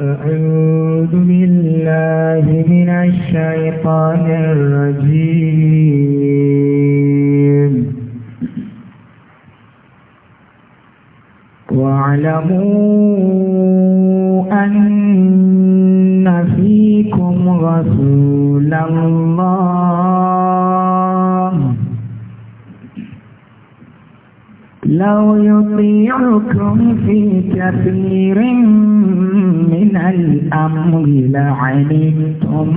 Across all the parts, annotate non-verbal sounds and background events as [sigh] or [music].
أعوذ بالله من الشيطان الرجيم واعلموا أن فيكم رسول الله لو يطيعكم في كثير من من الأمر لعلمتم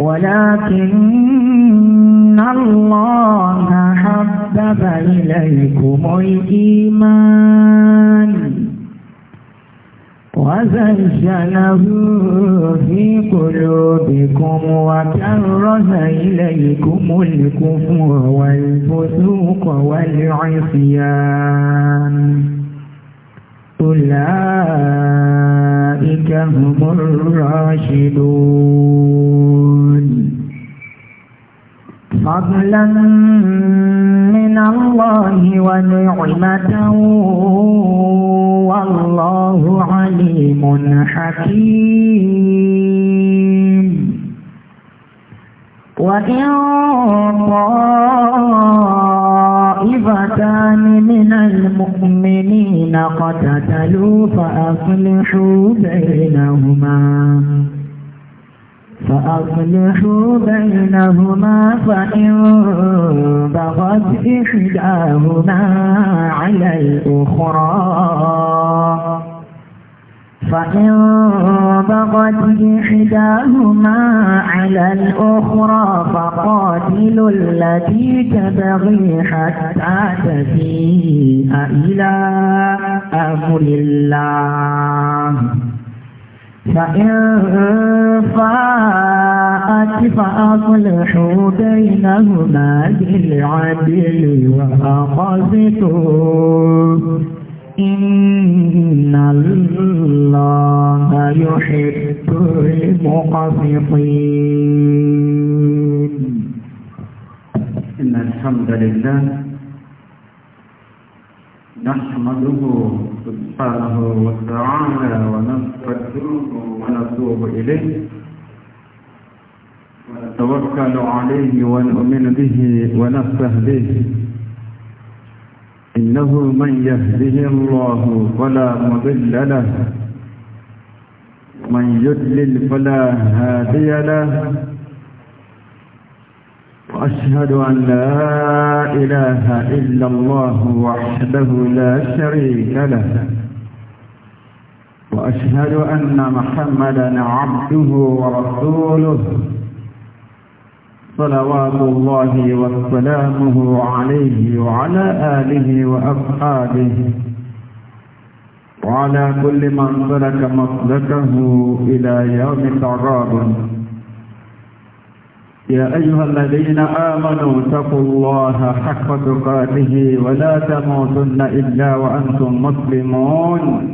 ولكن الله حبب إليكم الإيمان وزينه في قلوبكم وكره إليكم الكفر والفسوق والعصيان أولئك هم الراشدون فضلا من الله ونعمة والله عليم حكيم وإن طائفتان من المؤمنين قتتلوا فأصلحوا بينهما فأصلحوا بينهما فإن بغت إحداهما على الأخرى فإن بغت إحداهما على الأخرى فقاتلوا التي تبغي حتى تفيء إلى أمر الله فإن فاءت فأصلحوا بينهما بالعدل وأقسطوا Innallaha yuhibbul muqsitin Innal hamdalillah nahmaduhu subhanahu wa ta'ala wa nastaghfiruhu wa natubu ilayh wa natawakkalu alayhi wa nu'minu bihi wa nastahdihi إنه من يهده الله فلا مضل له ومن يدلل فلا هادي له وأشهد أن لا إله إلا الله وحده لا شريك له وأشهد أن محمدا عبده ورسوله صلوات الله وسلامه عليه وعلى آله وأصحابه وعلى كل من سلك مسلكه إلى يوم التعراب يا أيها الذين آمنوا اتقوا الله حق تقاته ولا تموتن إلا وأنتم مسلمون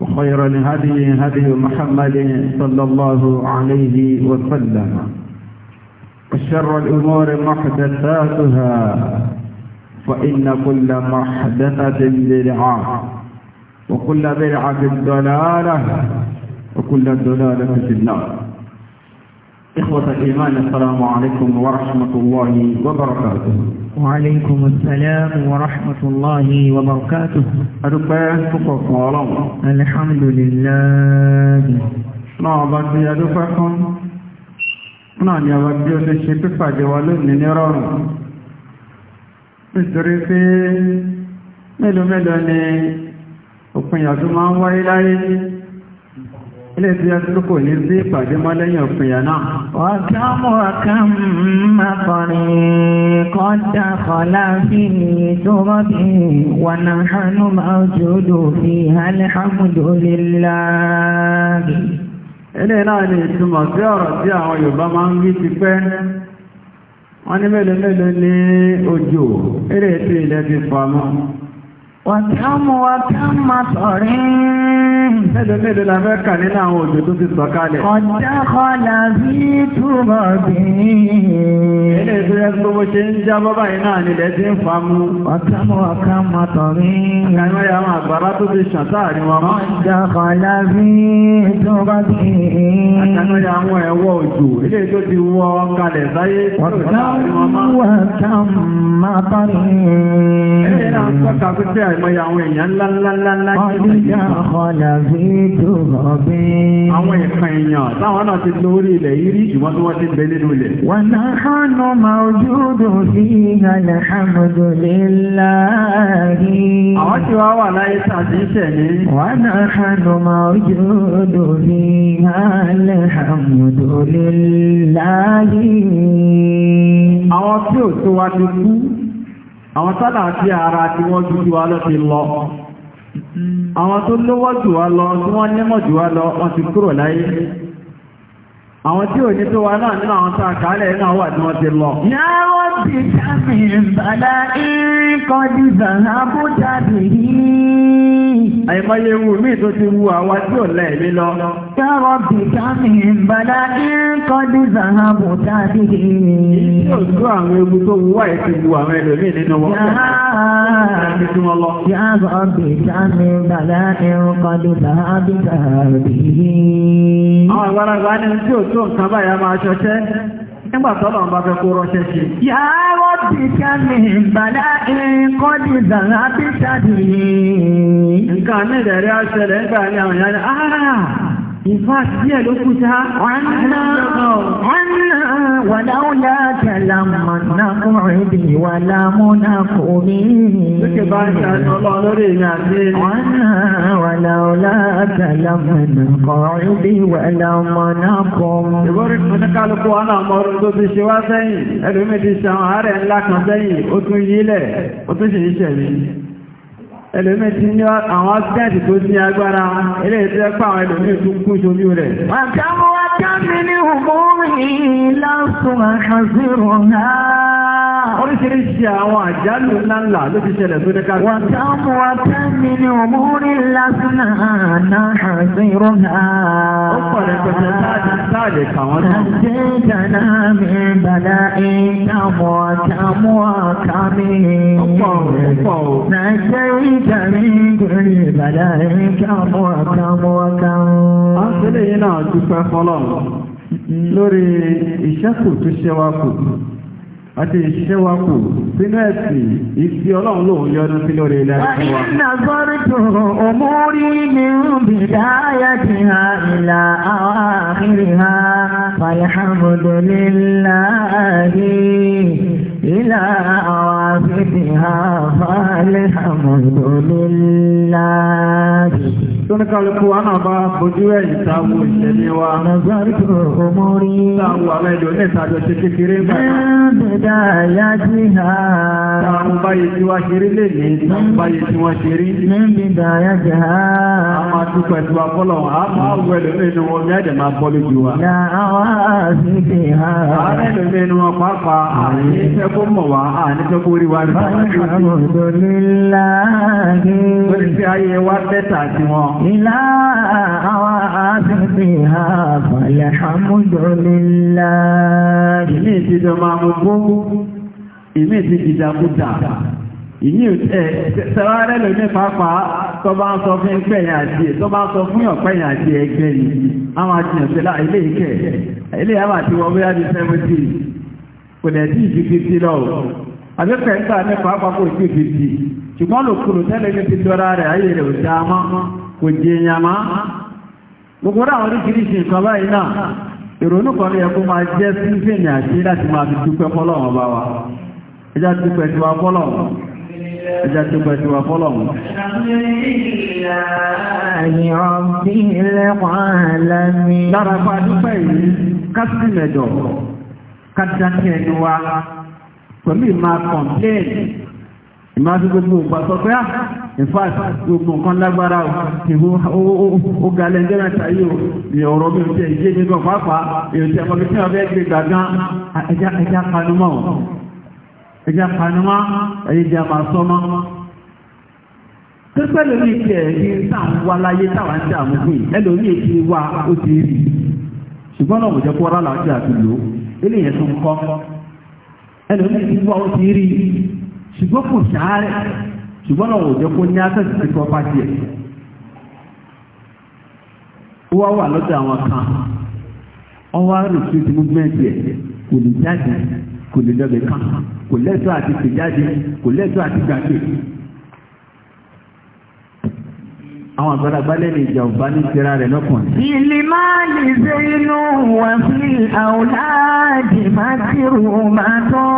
وخير الهدي هدي محمد صلى الله عليه وسلم وشر الأمور محدثاتها فإن كل محدثة بدعة وكل بدعة ضلالة وكل ضلالة في النار إخوة الإيمان السلام عليكم ورحمة الله وبركاته وعليكم السلام ورحمة الله وبركاته أدفع تقوى الحمد لله نعبد بيدفعكم náà ni àwọn bí ó ṣe ṣe pípàdé wa lónìí ní rọrùn nítorí pé mélòó Ilé-ìtí ẹ̀sùlùkò ní sí ìpàdé mọ́ lẹ́yìn òpìyà náà. Ọ̀gámù ọ̀kan máa kọrin kọ́dà kọlá fi tó rọ́bì wà náà hánú máa jò lò fi hálẹ́ hàmùdó lílá. Ilé náà ni ìtumọ̀ sí ọ̀rọ̀ tí àwọn Yorùbá máa ń wí ti pẹ́. Wọ́n ní mélòó mélòó ní òjò, eré ètò ilẹ̀ ti fọ́ mọ́. Wàtíọ́mù wàtíọ́mù sọ̀rí. Mẹ́lẹ̀ mẹ́lẹ̀ la fẹ́ kà nínú àwọn òjò tó ti sọ̀kalẹ̀. Ọ̀dẹ́kọ̀lá sí túbọ̀ bí. Ilé ìfẹ́ gbogbo ṣe ń já bọ́bá yìí náà nílẹ̀ tí ń fa mú. Wàtíọ́mù wàtíọ́mù sọ̀rí. Àkànlẹ́ àwọn àgbàrá tó ti ṣàn sáàrin wọn. Ọ̀dẹ́kọ̀lá sí túbọ̀ bí. Àkànlẹ́ àwọn ẹ̀wọ́ òjò ilé tó ti wọ àìmọye àwọn èèyàn ńláńláńláńlá jẹ́ àwọn ẹ̀kan èèyàn táwọn náà ti lórí ilẹ̀ yìí rí ìwọ́n tó wọ́n ti bẹ nínú ilẹ̀. àwọn tí àwọn tí ò tó wá ti kú àwọn sálà tí ara tí wọ́n jù wá lọ ti lọ àwọn tó lówó jù wá lọ tí wọ́n nímọ̀ jù wá lọ wọ́n ti kúrò láyé àwọn tí ò ní tó wa náà nínú àwọn tá náà wà tí wọ́n ti lọ. yàrá ti sábì ìbàdàn kọ́dí zàhábù jáde yìí. Àìmọye wu mí tó ti wu àwa tí ò lẹ́ mi lọ. Kẹ́rọ̀ bì kámi ìbàdá kí kọ́dí jáde yìí. Yóò tó àwọn ewu tó wu wáyé ti wu àwọn ẹlòmíì nínú wọn. Yàrá bì kámi ìbàdá kí kọ́dí zàhábù jáde yìí. Àwọn àgbàlagbà ni tí ò tó nǹkan báyà máa ṣọṣẹ́ nígbà tọ́lọ̀ bá fẹ́ kó rọ́ṣẹ́ sí. yàrá ti ká mi bàdá nǹkan ti zàrà bí sàdùn yìí. nǹkan mi rẹ̀ rí aṣẹlẹ̀ nígbà ní àwọn ah, yàrá إفاتي لكتا عنا عنا ولولاك لم نقعد ولا منقومين عنا ولولاك لم نقعد ولا منقوم يقولك منك لك وانا مرض بشوا سيء المدي سعار لك سيء أتو يلي أتو شيء شيء ẹlòmí ti ní àwọn ọ́sídẹ́ǹtì tó ní agbára ilé ìtẹ́ pa àwọn ẹlòmí tó ń kún sórí rẹ̀. wàkàmúwàkàmí ní òmùrìn lásùn àkàzírò náà Ah. oríṣiríṣi àwọn àjálù ńláńlá ló fi ṣẹlẹ̀ tó ní káàkiri. wọ́n tán mú wa tán mi ní òmúrí lásánà náà sí rọ́nà. ó pọ̀ lẹ́pẹ̀tẹ̀ sáàdì sáàdì kàwọn tó. ṣàṣẹ ìdáná mi bàdá ìtàmọ̀ tàmọ̀ kàmí. ó pọ̀ ó pọ̀ ó. ṣàṣẹ ìdáná mi bàdá ìtàmọ̀ tàmọ̀ kàmí. a ń ṣe lè yín náà dúpẹ́ fọlọ́ lórí ìṣẹ́kù tó ṣe wá kù àti ìṣẹ́wàkù sínú ẹ̀sìn ìsí ọlọ́run lòun yọdún sí lórí ilẹ̀ ẹ̀sìn wa. ìnà sọ́rí tó òmórí ní bí dáyà ti ha ìlà àwọn àkírí ha falhamdulillahi ìlà àwọn àkírí ha falhamdulillahi tó ní kálukú wa náà bá bojú ẹ̀yìn táwọn ìṣẹ̀lẹ̀ wa. Nàzàrí tó rò mú rí. Táwọn àwọn ẹ̀dọ̀ ní ìtajọ ṣe kékeré ń bàbá. Ẹ̀ẹ́dẹ̀dà ayá ti hà. Táwọn báyìí tí wá ṣeré lè ní, táwọn báyìí wa bọ́lọ̀ wọn, a máa wọ ẹlòmíì nu wọn إلى عاقبها فالحمد لله ìmí ti dọmọ agbogbo ìmí ti dìdàkúdà ìmí tẹ́wàárẹ́ lò ní pàápàá tó bá ń sọ fún ẹgbẹ̀yìn àti tó bá ń sọ fún ọ̀pẹ̀yìn àti ẹgbẹ́ yìí àwọn àtìyàn sí láà ilé ìkẹ́ ilé àwọn àti wọ́n bóyá di 70 kò lẹ̀ sí ìjú 50 lọ́wọ́ àbẹ́fẹ́ ń gbà ní pàápàá kò sí 50 ṣùgbọ́n lòkùnrin tẹ́lẹ̀ ní ti dọ́ra rẹ̀ ayé rẹ̀ ò dáa mọ́ kò jẹ ìyàmá gbogbo ráwọn oríṣiríṣi nǹkan báyìí náà ìrònú kan ló yẹ kó máa jẹ́ sífìnì àti láti máa fi dúpẹ́ fọ́lọ́run bá wa ẹjá dúpẹ́ tiwa fọ́lọ́run ẹjá dúpẹ́ tiwa fọ́lọ́run. lára pa dúpẹ́ yìí kásìtì mẹ́jọ wa pẹ̀lú ìmá tó gbogbo ògbà sọ pé ah in fact gbogbo nǹkan lágbára ìhú ó ga lẹ́jọ́ mẹ́ta yìí ó ní ọ̀rọ̀ mi ò tẹ́ ìjé mi gan pàápàá èyí tí ọmọ kìí ọbẹ̀ gbé gbàgán ẹja panumọ́ ẹja panumọ́ ẹyí jẹ́ máa sọ́mọ́ tó pẹ́ lórí ìpẹ́ ní sáwọn wa láyé táwọn ń dààmú fún yìí ẹlòmí èkì wa ó ti rí ṣùgbọ́n náà kò jẹ́ kó rálá àti àtúlò eléyẹn tó ń kọ́ ẹlòmí èkì wa ó ti rí ṣùgbọ́n kò sáré ṣùgbọ́n náà ò jẹ́ kó ní àtẹ̀sí sí pọ́pátì ẹ̀ ó wá wà lọ́dọ̀ àwọn kan wọ́n wá retreat movement ẹ̀ kò lè jáde kò lè lọ́bẹ̀ kan kò lẹ́tọ̀ọ́ àti pèjáde kò lẹ́tọ̀ọ́ àti gbàgbé àwọn àgbàlagbà lè lè jà ọ̀bá ní tẹ́ra rẹ̀ lọ́kùnrin. ìlì máa lè ṣe inú wọn sí àwòláàjì máa ti rù máa tán.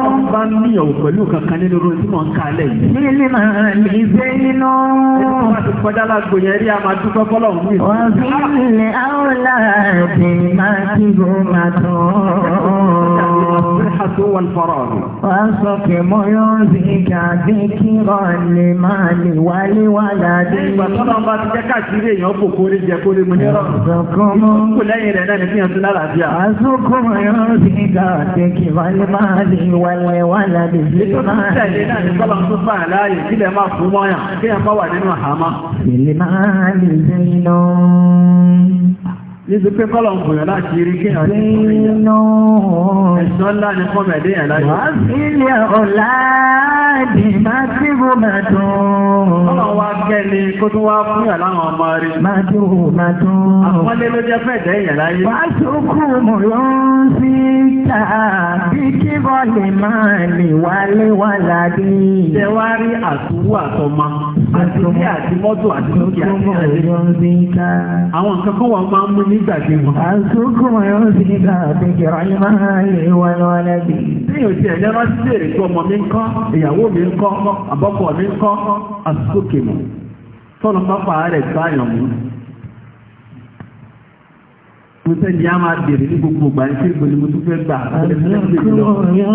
wọ́n bá ń níyàwó pẹ̀lú kankan nínú orin tí wọ́n ń kalẹ̀ yìí. ìlì máa lè ṣe inú. wọ́n ti kọjá lágbo yẹn rí a máa dúpẹ́ fọ́lọ̀ wù mí. wọ́n fi ilẹ̀ àwòláàjì máa ti rù máa tán. wọ́n sọ pé mo yóò rí kàdé kírọ̀ lè máa lè wálé wá ọ̀nà tọ́nà ọba ti jẹ́ káàkiri èèyàn kò kórè jẹ kórè mú ní rọrùn. kò lẹ́yìn rẹ̀ náà ní fi hàn sí lálàáfíà. àzúkò ẹ̀rọ ti ga àtẹ̀kì wálé máa lè wálé wálé lè fi máa lè. ètò ìṣẹ̀lẹ̀ náà ní kọ́lọ̀ tó fà láàyè kílẹ̀ máa fún mọ́yàn kí ẹ má wà nínú àhámọ́. èlé máa lè dé iná. Níbi pé kọ́lọ̀ ń bùyàn láti rí kí ọ̀rẹ́ ìrìnà ẹ̀ṣọ́ ńlá ní fọ́mù ẹ̀dẹ́ yẹn láti. Wà sílẹ̀ ọ̀la dì máa tí bó kó tún wá fún yàn láwọn ọmọ rí kí bọ́ọ̀lì máa lè wálé wá ládé. ṣé wàá rí àtúrú àtọmọ àti ilé àti mọ́tò àti dúkìá àti àlejò. àwọn nǹkan kan wà máa ń mú nígbàgbé wọn. àsùnkùn yóò sì ní ká àtẹ̀kẹ̀rọ yìí máa lè wá lọ́wọ́ lẹ́bi. bí o tiẹ̀ lẹ́rọ sí èrè tó ọmọ mi ń kọ́ ìyàwó mi ń kọ́ àbọ́kọ̀ mi ń kọ́ àsùnkùn tọ́nù pápá rẹ̀ gbáyàn mú mo sẹ́ni á máa bèrè ní gbogbo ìgbà yìí kí mo tún fẹ́ gbà. àbẹ̀rẹ̀ kúrò yọ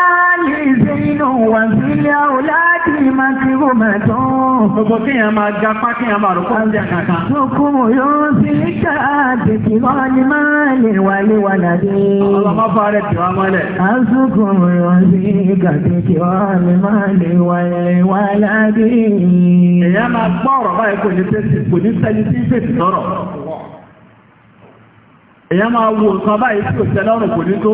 ìzínú wà sílẹ̀ ọ̀láàdì máa ti rò mẹ́tọ́. Gbogbo kí yẹn máa ga pá kí yẹn máa rò fún ọjà kankan. Sokúmù yóò sí ká àgbèkì lọ́wọ́ ni máa lè wà lè wà nàdé. Ọlọ́mọ bá rẹ̀ tì wá mọ́lẹ̀. Àsùkùmù yóò sí ká àgbèkì lọ́wọ́ ni máa lè wà lè wà máa gbọ́ ọ̀rọ̀ báyìí tí ò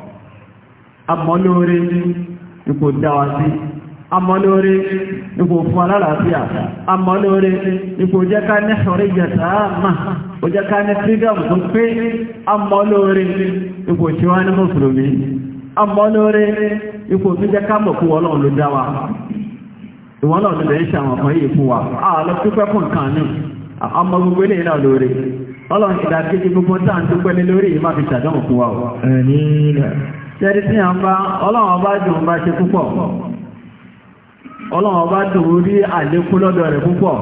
amọ́lóore ipò dáwà sí amọ́lóore ipò fún alálàáfíà amọ́lóore ipò jẹ́ ká ní ṣọ̀rọ̀ ìjẹta àmà ní freedom tó pé ipò tí wá ní mùsùlùmí amọ́lóore ipò tó jẹ́ ká mọ̀ ọlọ́run ló dáwà ìwọ́n náà ló lè ṣàwọn fún wa tẹ́rí tí a ń bá ọlọ́wọ́n bá dùn bá ṣe púpọ̀ ọlọ́wọ́n bá dùn rí àlékún lọ́dọ̀ rẹ̀ púpọ̀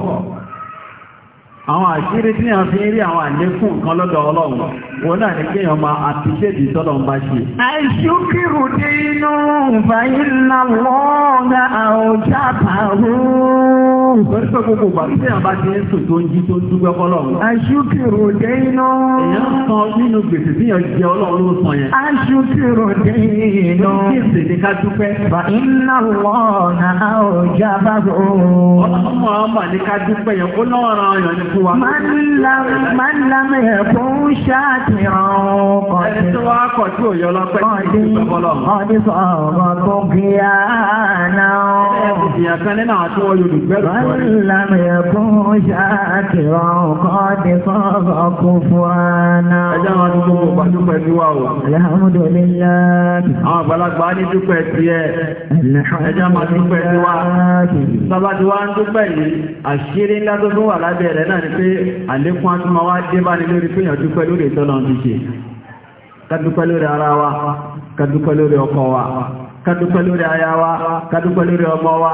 àwọn àṣírí tí a fi ń rí àwọn àlékún nǹkan lọ́dọ̀ ọlọ́run lọ́hùn. Pẹ̀lú gbogbo ìgbà tí àbá ti ń sùn tó ń jí tó ń dúpẹ́ fọlọ́run. Aṣúkìrò jẹ́ iná. Èèyàn san nínú gbèsè tí yàn jẹ ọlọ́run ló san yẹn. Aṣúkìrò jẹ́ iná. Gbèsè ni ká dúpẹ́. Bà iná lọ na ọjà bá bò. Ọlọ́mọ àmà ni ká dúpẹ́ yẹn kó náà ran ọyàn ní fún wa. Máa ń lam ẹ̀kún ṣáàtìrán ọkọ̀ tí. Ẹni tí wọ́n á kọ̀ tí ò yọ lọ́pẹ́ tí ò dúpẹ́ fọlọ́run. Ọdí ومن لم يكن شاكرا قد صاب كفوانا الحمد لله الحمد لله Sábájú wá ń dúpẹ́ yìí, àṣírí ńlá tó tún wà lábẹ́ rẹ̀ náà ni pé àlékún àtúmọ̀ wá dé bá ní lórí pé èèyàn dúpẹ́ lórí ìtọ́nà ti ṣe. Ká dúpẹ́ lórí ara wa, ká dúpẹ́ lórí ọkọ wa, ká lórí aya wa, ká lórí ọmọ wa,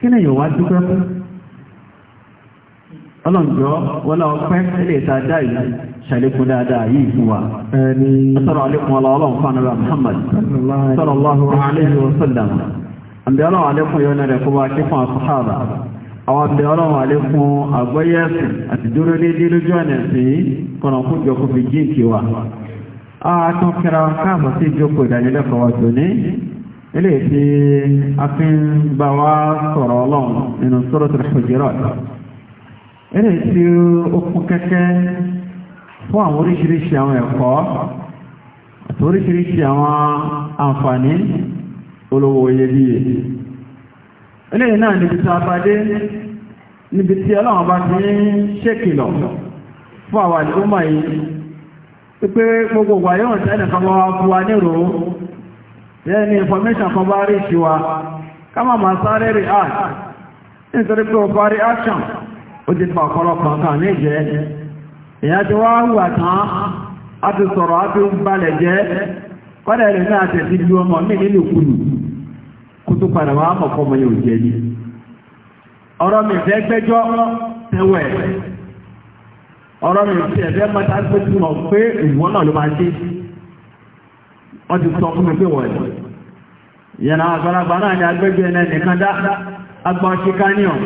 kí ni yóò wá dúpẹ́ fún ọlọ́njọ́ wọlé ọpẹ́ ilé ìtajà yìí ṣàlékún dáadáa yìí fún wa sọ̀rọ̀ àlékún ọlọ́ọ̀lọ́n fanara Muhammad sọ̀rọ̀ ọlọ́run aléyìí wasallam àbẹ̀ ọlọ́run àlékún yóò nẹ̀rẹ̀ fún wa kí fún àṣùhàbà àwọn àbẹ̀ ọlọ́run àlékún àgbọ́yẹ̀sì àti dúró déédéé lójú ọ̀nà sí ilé tí a fi ń bá wá sọ̀rọ̀ ọlọ́run nínú Suratul Hujurat ilé tí ó kún kẹ́kẹ́ fún àwọn oríṣiríṣi àwọn ẹ̀kọ́ àti oríṣiríṣi àwọn àǹfààní olówó iyebíye ilé náà níbi tí a bá dé níbi tí ọlọ́run bá ti ń ṣèkìlọ̀ fún àwọn àdúgbò yìí gbogbo wàyọ̀ tẹ́lẹ̀ kan wá fún wa yẹni information kan bá rí kama ma sáré re nítorí pé ó ti ọ̀pọ̀lọpọ̀ kan ní èyàn ti wá wà tán a ti sọ̀rọ̀ a ti balẹ̀ jẹ́ ọmọ mí nínú tó padà wá yóò jẹ́ ọ̀rọ̀ mi fẹ́ gbẹ́jọ́ ọ̀rọ̀ mi fẹ́ mọ́ta gbẹ́jọ́ mọ̀ pé náà ló máa wọ́n ti sọ fún mi pé wọ̀ ẹ̀ yẹ̀nà àgbàlagbà náà ni agbẹ́gbẹ́ ẹ̀nà nìkan dá agbà ṣíká ní ọ̀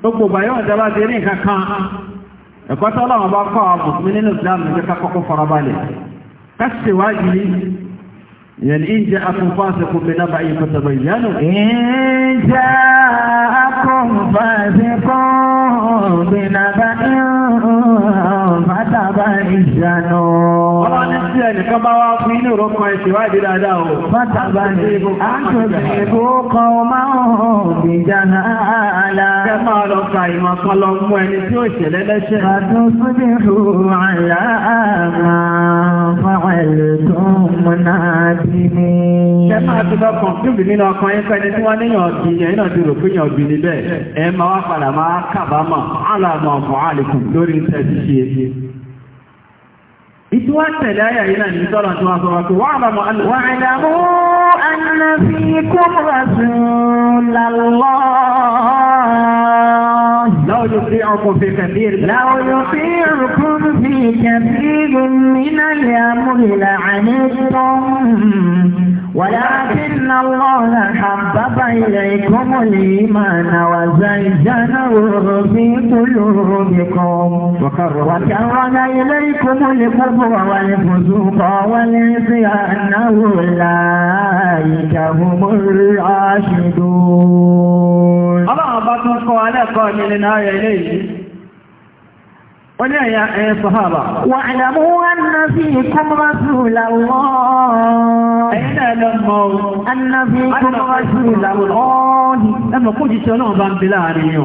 gbogbo bàyọ̀ ìjọba ti rí nǹkan kan ẹ̀kọ́ tọ́lọ́wọ́n bá kọ́ àmùsùn nínú ìsìlámù jẹ́ ká kọ́kọ́ farabalẹ̀ kásìwádìí يعني إن جاءكم فاسق بنبأ فتبينوا إن ẹnìkan bá wá fún inú ìrọ́kan ìṣèwádìí dáadáa o. Mọ́tàbá ni àtúnṣe kó máa ń hàn gbèjà àlá. Kẹ́ lọ ka ìmọ̀ kan lọ mú ẹni tí ó ṣẹlẹ̀ lẹ́ṣẹ̀. Àtúnṣe bí ru àlá àmà fáwẹ̀lẹ̀ tó múná bí mi. Kẹ́ máa ti kàn fún ìbínú ọkàn yín pẹ́ni tí wọ́n níyàn ọ̀gbìn yẹn náà ti rò pé yàn ọ̀gbìn níbẹ̀. Ẹ إتوات لا يعلن ترى تواصلك واعلموا أن واعلموا أن فيكم رسول الله لو يطيعكم في كثير لو يطيعكم في كثير من الأمر لعنتم ولكن الله حبب إليكم الإيمان وزينه في قلوبكم وكرم إليكم الكفر والفسوق والعصيان أولئك هم الراشدون. الله أكبر ولا يا صحابة واعلموا أن فيكم رسول الله أين أن فيكم رسول الله لما قلت شلون بان بلاني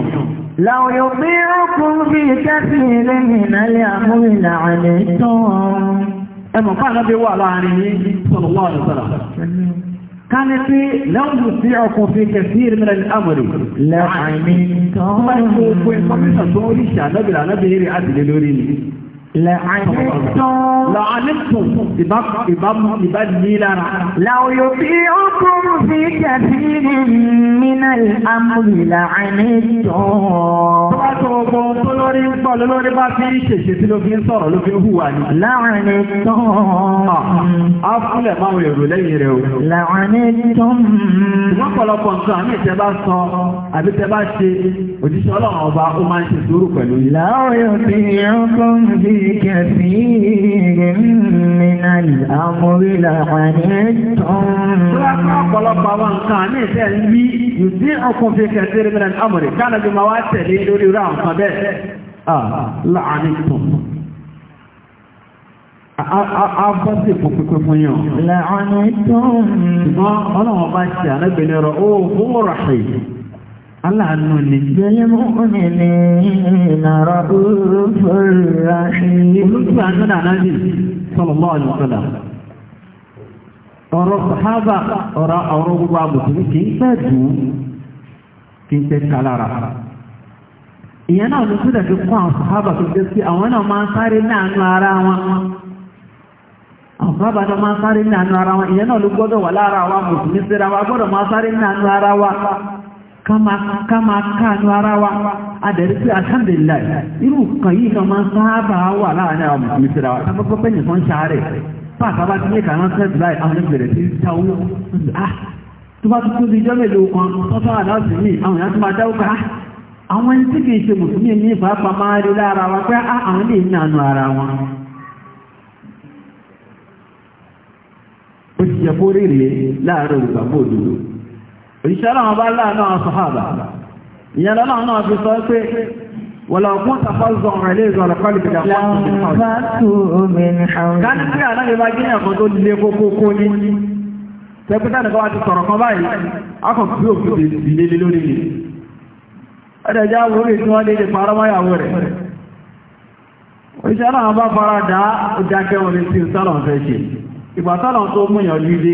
لو يطيعكم في كثير من الأمر لعنتم أما قال بي وعلى عليه صلى الله عليه وسلم كان في لو يطيعكم في كثير من الامر لعنتم ما يكون في النبي النبي عدل لوري لعنتم إباب إباب إباب ديلارا لو يطيعكم في كثير من الأمر لعنتم ah, لعنتم Afúnlẹ̀ máa èrò lẹ́yìn rẹ̀ o. La'anittum. Wọ́n pọ̀lọpọ̀ nǹkan àmì ìtẹ́ bá sọ àbí tẹ́ bá ṣe òjíṣẹ́ ọlọ́run ọba ó máa ń ṣe sùúrù pẹ̀lú yìí. Láwọn yóò fi ọkọ̀ ń bí بكثير من الأمر لعنتم ọ̀pọ̀lọpọ̀ àwọn nǹkan ní ìfẹ́ ń wí ìdí ọkùn fi kẹsìrì mìíràn amòrì kánà bí ma wá tẹ̀lé lórí ah, ọlọ́wọ́ bá ṣe àrẹ́gbẹ̀lẹ́rọ ó fún rọ̀ṣẹ̀ aláàánú ni. Jẹ́yẹ́ mú ní ní ìnàrọ̀ òfòrà ṣe. Olúkúrò àjọ́dà náà jì sọ́lọ̀mọ́ ọ̀lùsọ́lá. Ọ̀rọ̀ sàhábà ọ̀rọ̀ ọ̀rọ̀ gbogbo àbùtùmí kì í fẹ́ dùn kí n tẹ́ kalára. Ìyẹn náà ló sílẹ̀ fi kún àwọn sàhábà tó dé sí àwọn náà máa ń sáré láàánú ara wọn. Àwọn sàhábà náà máa ń sáré láàánú ara wọn. Ìyẹn náà ló gbọ́dọ̀ wà lára wa mùsùlùmí síra kama kama káànú wa adẹ̀rí pé alhamdulillah kan yi kan máa ń saba wa láàárín àwọn mùsùlùmí wa tábà gbọ́ pẹ́yìn kan ṣàárẹ̀ fún àtàbà tí ní ìkà náà sẹ́ẹ̀tì láì àwọn ìbẹ̀rẹ̀ sí ta owó ah, tó bá tutu di jọ́mẹ̀ ló kan tọ́tọ́ àdáàsì ní àwọn ìyá tó máa dáwó ká ah, àwọn ẹni tí kìí ṣe wa ah, òṣìṣẹ́ náà bá láàánú àwọn sọ̀hábà ìyẹn lọ́nà náà fi sọ pé wọ̀lá ọkùn tàfàzọ̀ ọ̀rẹ́lẹ́ ìzọ̀ àlọ́kọ́lù ìgbà Oṣìṣẹ́ náà bá fara dáa ó dákẹ́ wọn ní tí ìsọ́lọ̀ fẹ́ ṣe. Ìgbà sọ́lọ̀ tó múyàn lílé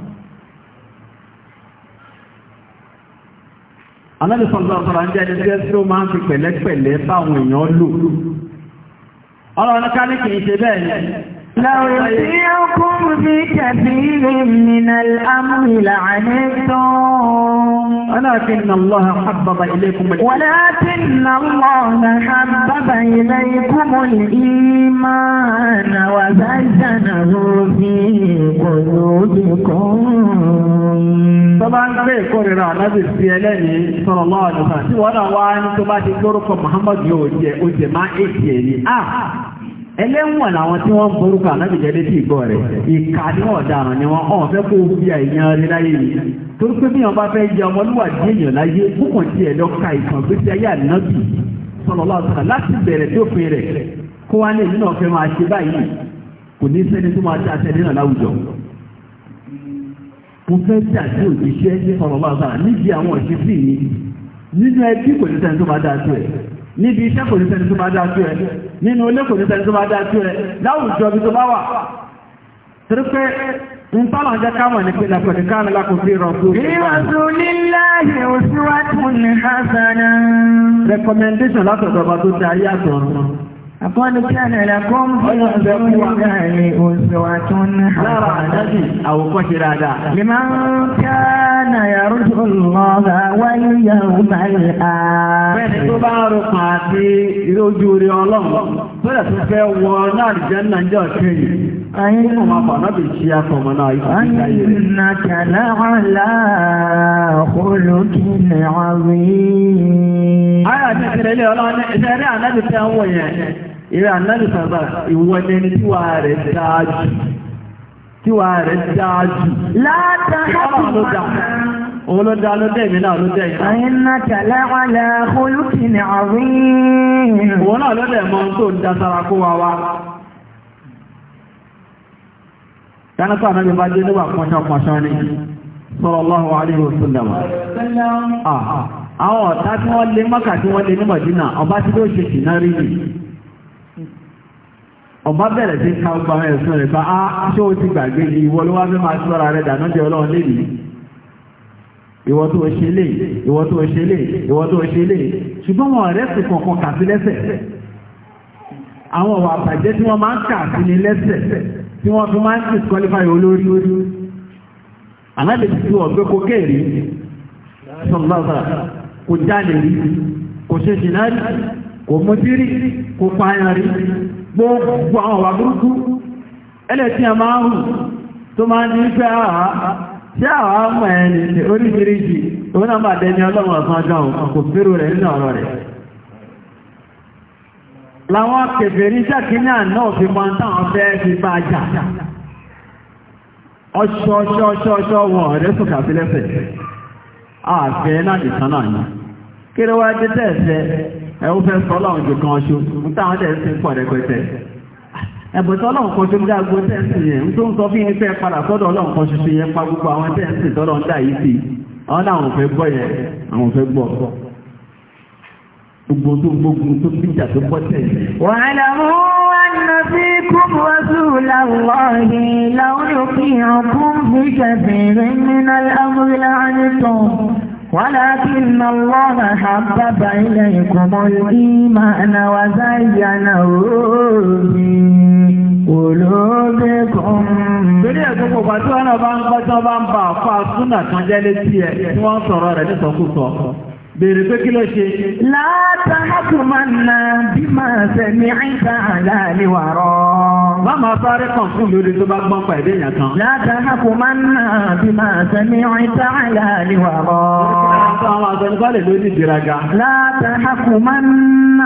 anábì sọ̀rọ̀ sọ̀rọ̀ ń jẹ́ ẹni tí ó máa ń fi pẹ̀lẹ́pẹ̀lẹ́ báwọn èèyàn lò ọlọ́run ká ní kìí ṣe bẹ́ẹ̀ لو يطيعكم في من الأمر لعنتم ولكن الله حبب إليكم الإيمان ولكن الله حبب إليكم الإيمان وزينه في قلوبكم طبعا بيه كوريرا نبي سيالاني صلى الله عليه وسلم وانا وانا تباتي محمد يوجي وجماعي سيالي آه ẹlẹ́wọ̀n làwọn tí wọ́n borúkọ ànábìjẹ́ létí ìgbọ́ rẹ̀ ìka ni wọ́n ni wọ́n ọ̀n kó fi àìyàn rí láyé yìí torí pé bí wọ́n bá fẹ́ jẹ ọmọlúwàdí èèyàn láyé púpọ̀ tí ka ìtàn pé tí ayé ànábì sọlọ́lá ọ̀sán láti bẹ̀rẹ̀ tó fin rẹ̀ kó wá lè nínú ọ̀fẹ́ máa ṣe báyìí kò ní sẹ́ni tó máa níbi iṣẹ́ kò ní sẹ́ni tó bá dá tó ẹ nínú ilé kò ní sẹ́ni tó bá dá tó ẹ láwùjọ bí tó bá wà torí pé ń tọ́lọ̀ jẹ́ kámọ̀ ní pé lẹ́kọ̀ọ́dé káàmì lákòókè rọ̀tò rasulillahi uswatun hasana recommendation látọ̀dọ̀ bá tó ti ayé àtọ̀run أقول كان لكم في رسول الله أسوة حسنة أو كشرا لمن كان يرجو الله واليوم الآخر تبارك في رجول الله فلا تفوى نار جنة جاكي أنك لعلى خلق عظيم. أنا أتكلم لك أنا أتكلم لك ìrẹ́ ànábì sábà ìwọlé tíwà rẹ̀ dáájú tíwà rẹ̀ dáájú látàkùnmọ́ Òun ló dá ló dẹ̀ mí náà ló dẹ̀ yìí. Àyín náà tẹ̀lé ọ̀lẹ́ olùkì ní àwìn. Òun náà ló dẹ̀ mọ ohun tó ń dá sára kó wa wá. Yánátọ́ ànábì bá dé níwà pọ̀ṣán pọ̀ṣán ni. Sallallahu alaihi wasallam. Àwọn ọ̀tá tí wọ́n lé Mọ́kà tí wọ́n lé ní Mọ̀dínà, ọba tí ó ṣe ṣìnárí nìí ọba bẹ̀rẹ̀ sí ká ọgbà ẹ̀sùn rẹ̀ bá ṣó ti gbàgbé ìwọ ló wá fẹ́ máa sọ́ra rẹ̀ dànù jẹ́ ọlọ́run lèmi ìwọ tó ṣe lè ìwọ tó ṣe lè ìwọ tó ṣe lè ṣùgbọ́n wọn ọ̀rẹ́ sì kọ̀ọ̀kan kà sí lẹ́sẹ̀ àwọn ọ̀wà àbàjẹ́ tí wọ́n máa ń kà sí ní lẹ́sẹ̀ tí wọ́n fi máa ń disqualify olórí orí aláàbẹ̀ ti tu ọ̀gbẹ́ kokéèrè sọ̀rọ̀lọ́sà gbogbo àwọn ọ̀wà ẹlẹ́tí a máa hù tó máa ní ìfẹ́ àwà tí àwà mọ̀ ẹni tí oríṣiríṣi náà dẹni ọlọ́run ọ̀sán ọjọ́ kò fẹ́rò rẹ̀ nínú ọ̀rọ̀ rẹ̀ láwọn kèfèrí jákínní àná fi ẹ̀wọ́ fẹ́ sọ ọlọ́run jù kan ṣo nítawọn tẹ̀ sí pọ̀ rẹpẹtẹ ẹ̀bùtọ́ ọlọ́run kan ṣo ní gbàgbó tẹ̀sí yẹn tó ń sọ fún yín fẹ́ padà sọ́dọ̀ ọlọ́run kan ṣoṣo yẹn pa gbogbo àwọn tẹ̀sí tọ́lọ́ ń dà yìí sí àwọn náà àwọn fẹ́ gbọ́ yẹn àwọn fẹ́ gbọ́ gbogbo tó gbogbo tó bíjà tó pọ̀ tẹ̀. wàhálà mú فيكم ولكن الله حبب إليكم الإيمان وزينه في قلوبكم Torí ẹ̀sùn kò pàtó ọ̀nà bá ń gbọ́ bá ń bá àfáà súnà kan jẹ́ létí ẹ̀ tí wọ́n ń sọ̀rọ̀ rẹ̀ nítọ̀kùsọ̀. Bèèrè pé kí ló ṣe? Látàkùnmánà bí máa sẹ̀mí àìsà àláàríwàrọ̀. Má máa sáré kàn fún lórí tó bá gbọ́n pa ìdé èèyàn kan. Látàkùnmánà bí máa sẹ̀mí àìsà àláàríwàrọ̀. Àwọn àtọ́nifálẹ̀ ló ní ìdíraga. Látàkùnmánà.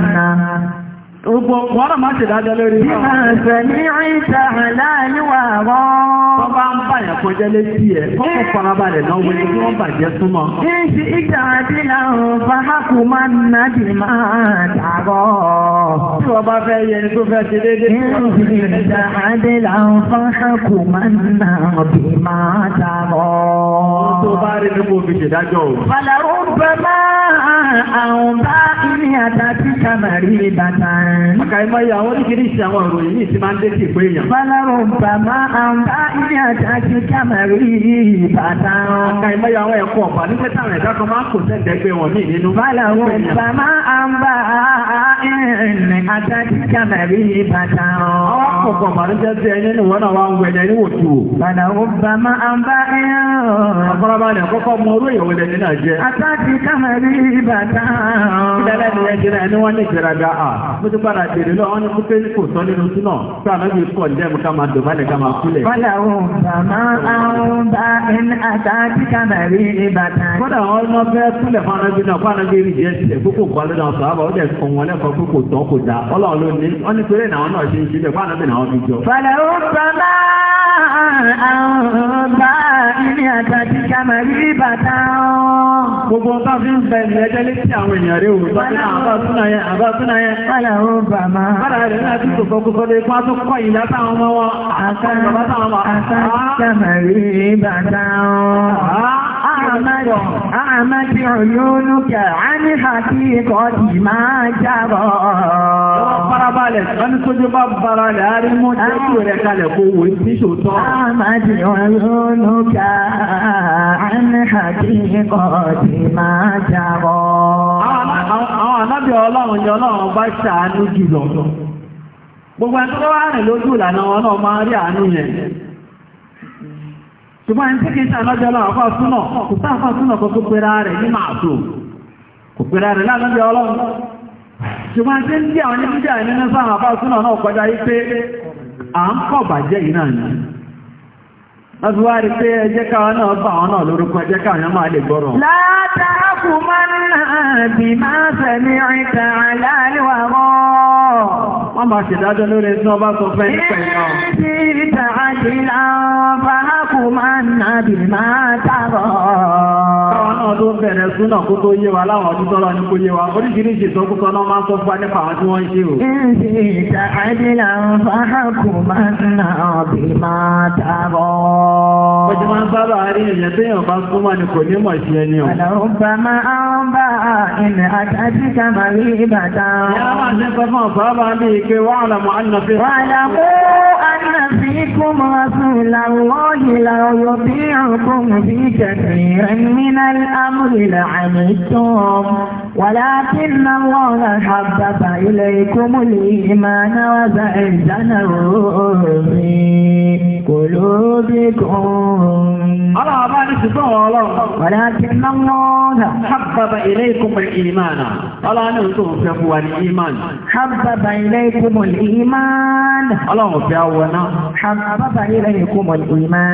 jàǹnà Gbogbo wọ́n máa ṣe dájọ́ lórí náà. Bí máa ṣe ní ìta àláàlúwà rọ́. Wọ́n bá ń bàyàn kó àwọn bá ilé àtàkì kàmàrí bàtà. Àkàìmọ̀ yà wọ́n ní kìíní ṣe àwọn ìròyìn yìí ti máa ń dé sí ìpé èèyàn. Fọ́lọ́rù bàmá àwọn bá ilé àtàkì kàmàrí bàtà. Àkàìmọ̀ yà wọ́n ẹ̀kọ́ ọ̀pá nígbẹ́ táwọn ẹ̀dá kan máa ń kò sẹ́ẹ̀dẹ́gbẹ́ wọn ní ìnínú. Fọ́lọ́rù bàmá àwọn bá ilé àtàkì kàmàrí bàtà. Àwọn akọ̀kọ̀ màrújẹ́ sí ẹni ní wọ́n náà wá ń wẹ̀lẹ̀ ní wòtú. Fọ́lọ́rù bàmá àwọn bá ilé àtàkì kàmàrí bàtà. Ìdálẹ́ ni ẹjẹ́ náà ó dẹ̀ àǹbá ilé àtàtì kàmàrí bàtà wọn. Gbogbo ọba fi ń bẹ ìrẹ́jẹ́ létí àwọn èèyàn rẹ̀ òun bá tún àbá súnà yẹn, àbá súnà yẹn. Bọ́lá ó bà máa. Bọ́lá rẹ̀ náà ti sòkò kókó lè pọ́n tó kọ́ ìlà táwọn ọmọ wọn. Àtàtì kàmàrí bàtà wọn. أعمت عيونك عن حقيقة ما جرى farabalẹ̀ ẹni tó jẹ́ bá bara rẹ̀ a rí mú tẹ́jú rẹ̀ kalẹ̀ kó wo ní ṣòtọ́. àmàdì olóka àmì àdínkọ̀ ti máa jàrọ̀. àwọn anábìá ọlọ́run ni ọlọ́run bá ṣàánú jùlọ. gbogbo ẹni tó wá rìn lójú ìlànà ọlọ́run máa rí àánú yẹn. ṣùgbọ́n ẹni tí kìí ṣe àlọ́jọ́ ọlọ́run àfáà súnà kò sáfà súnà kò tó pera rẹ̀ ní máa tó kò pera rẹ̀ lálọ́jọ́ ọlọ́run ṣùgbọ́n tí ń dí àwọn ní dídí àìní ní sáà súnà náà kọjá yí pé à ń kọ̀ bàjẹ́ yìí náà wọ́n máa ṣèdájọ́ lórí tí wọ́n bá sọ fẹ́ nípa ìkan. Ṣé ìta àjìlá fàákù máa ń nà máa tààrọ̀? Káwọn náà tó bẹ̀rẹ̀ súnà kó tó yé wa láwọn ọdún tọ́lọ ní kó yé wa. Oríṣiríṣi ìsọkúsọ náà máa ń sọ fún nípa àwọn tí wọ́n ń ṣe o. Ṣé ìta àjìlá fàákù máa ń nà máa tààrọ̀? Bọ́jú máa ń sábà rí èèyàn téèyàn ذلك واعلموا أن فرعون واعلموا أن في فيكم رسول الله لو يطيعكم في كثير من الأمر لعنتم ولكن الله حبب إليكم الإيمان وزعزنه في قلوبكم ولكن الله حبب إليكم الإيمان ألا ننتم فهو الإيمان حبب إليكم الإيمان الله فهو àbábà yìí lẹ́yìn kó mọ̀ ìmọ̀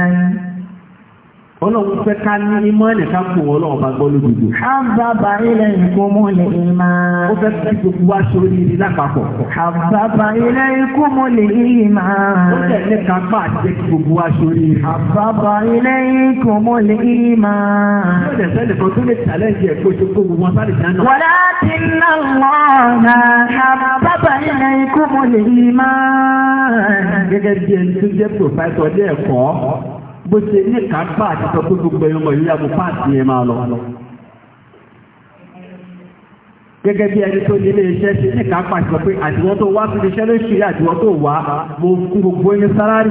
ọlọ́run fẹ́ ká ní ìmọ̀ nìkan kò wọ́n lọ́wọ́ bá gbọ́ lójoojú. àbábà yìí lẹ́yìn kó mọ̀ ìmọ̀. ó fẹ́ kí gbogbo wa ṣe oríire lápapọ̀. àbábà yìí lẹ́yìn kó mọ̀ ìmọ̀. ó tẹ̀ ní kápá àti jẹ́ kí gbogbo wa ṣe oríire. ولكن الله حبب إليكم bó ṣe ní kápá àti sọ pé gbogbo ẹ̀yọ́ mọ̀ yíyá mú pàtí ẹ máa lọ gẹ́gẹ́ bí ẹni tó nílé iṣẹ́ ṣe ní kápá àti pé àtiwọ́ tó wá sí iṣẹ́ lóṣù àtiwọ́ tó wá gbogbo ẹni sálárì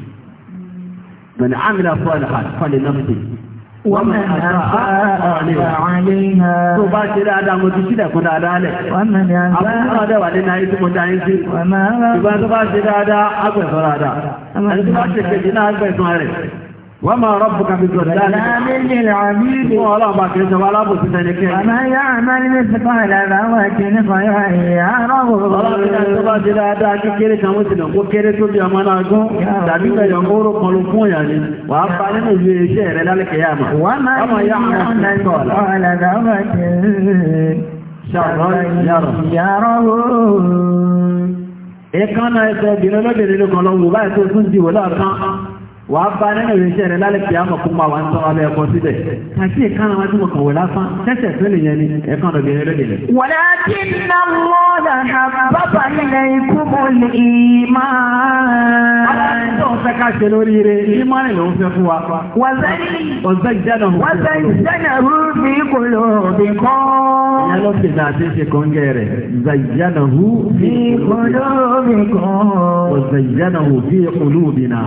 من عمل صالحا فلنفسه ومن أساء فعليها تباشر على مدشدة كنا على ومن أساء هذا ولنا يتم تعيسي وما تباشر على أقوى فرادة أنت تباشر كجنا أقوى فرادة وما ربك بظلام للعبيد والله ما كنت ولا بس ذلك وما يعمل مثقال ذرة خيرا يره والله لا دا kékeré kan wọ́n ti nà kó kéré tó bí ọmọ náà gún tàbí bẹ̀rẹ̀ ọgọ́rọ̀ kan ló fún ìyàní wà á bá nínú ìwé iṣẹ́ rẹ̀ lálẹ́kẹ̀ yà mà ọmọ yà mà ṣàrọ̀ yàrọ̀ ẹ̀kan náà ẹsẹ̀ obìnrin olóbìnrin kan lọ wò báyìí tó tún ti wò lọ́ọ̀kan wàá bá nínú ìrìnsẹ̀ rẹ lálẹ́ kí á mọ̀ fún wa wà ń tọ́ abẹ́ ẹ̀kọ́ síbẹ̀ àti ìkànnì wájú mọ̀ kàn wò lásán tẹ́sẹ̀ tó lè yẹn ni ẹ̀kan ọ̀dọ̀gbìn rẹ̀ lè lẹ̀. walakinna Allaha habbaba ilaykumul iman. aláǹtọ̀ fẹ́ ká ṣe lórí ire ìmánì ló ń fẹ́ fún wa. wàzẹ́ ìjẹ́nà rú fi qulubikum. ìyá ló fi dà àti ṣe kọ́ńgẹ́ rẹ̀ zayyana hu fi qulubikum. wàzẹ́ ìjẹ́nà rú fi qulubina.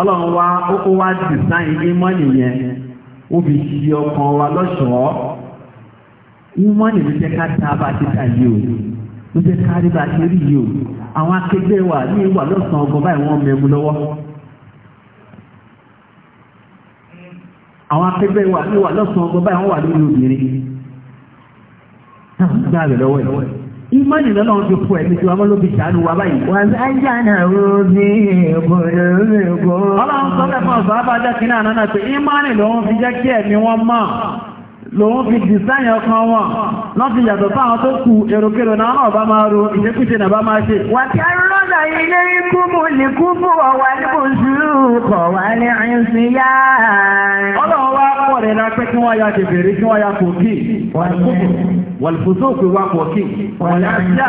ọlọ́run wá ó kó wá dìsáìn ìmọ̀nì yẹn ó fi ṣe ọkàn wa lọ́ṣọ̀ọ́ ìmọ̀nì ló jẹ́ ká dá bá ti ta yìí o ló jẹ́ ká rí bá ti rí yìí o àwọn akẹgbẹ́ wa ní ìwà lọ́sàn-án ọgbọ̀n báyìí wọ́n mẹ́mu lọ́wọ́. àwọn akẹgbẹ́ wa ní ìwà lọ́sàn-án ọgbọ̀n báyìí wọ́n wà lórí obìnrin. táwọn gbá rẹ̀ lọ́wọ́ ẹ̀ Ìmọ̀nì lọ́nà ti fún ẹ̀mí tí wọ́n mọ́ ló fi ṣàánú wa báyìí. Wà sájà náà ó bí ìgbòrò Ọlọ́run sọ́lẹ̀ fún ọ̀sán abájọ́ kìnnà náà pé ìmọ̀nì lòun fi jẹ́ kí ẹ̀mí wọn mọ̀ lòun fi dìsáyìn ọkàn wọn náà fi yàtọ̀ fáwọn tó kù èròkèrò náà náà bá máa ro ìṣekúṣe náà bá máa ṣe. wàtí arúgbó ilé ikú mu lè kú fún ọ̀wà ní kò sí kọ̀ wá ní àyùsí ya kẹfẹ́rẹ́ kí ya kòkì wàlùfòsó òkè wá kòkì wàlẹ́ àṣà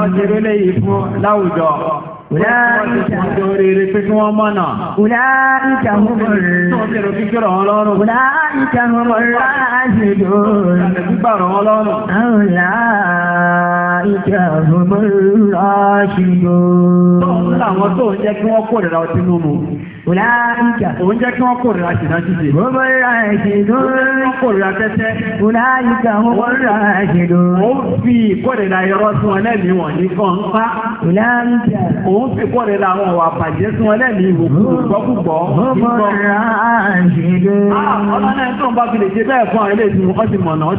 máa ṣe rẹ́lẹ̀ yìí fún láwùjọ. Ùláìkà hùmọ̀ rẹ̀. Tó ń tẹ̀rọ kíkẹ́rọ̀ wọn lọ́rùn. Ùláìkà rẹ̀ áṣìdò. Gbàrọ̀ wọn rẹ̀ áṣìdò. Tó ń láwọn Wùláìkà. Òun jẹ́ kí wọ́n kòrò àti ìdájúdé. Wọ́n bá rà ìṣèdó. Wọ́n kòrò àtẹ́tẹ́. Wùláìkà wọ́n rà fi ìkórìíra irọ́ sí wọn wọ̀n ní kan pa. Wùláìkà. Òun fi ìkórìíra àwọn ọ̀wà bàjẹ́ sí wọn lẹ́mìí ìwòkú gbọ́kúgbọ́. Wọ́n rà ìṣèdó. Ọlọ́nà ẹ̀ tó ń bá fi lè ṣe bẹ́ẹ̀ fún àwọn ìsinmi kọ́ ti mọ̀nà ọdún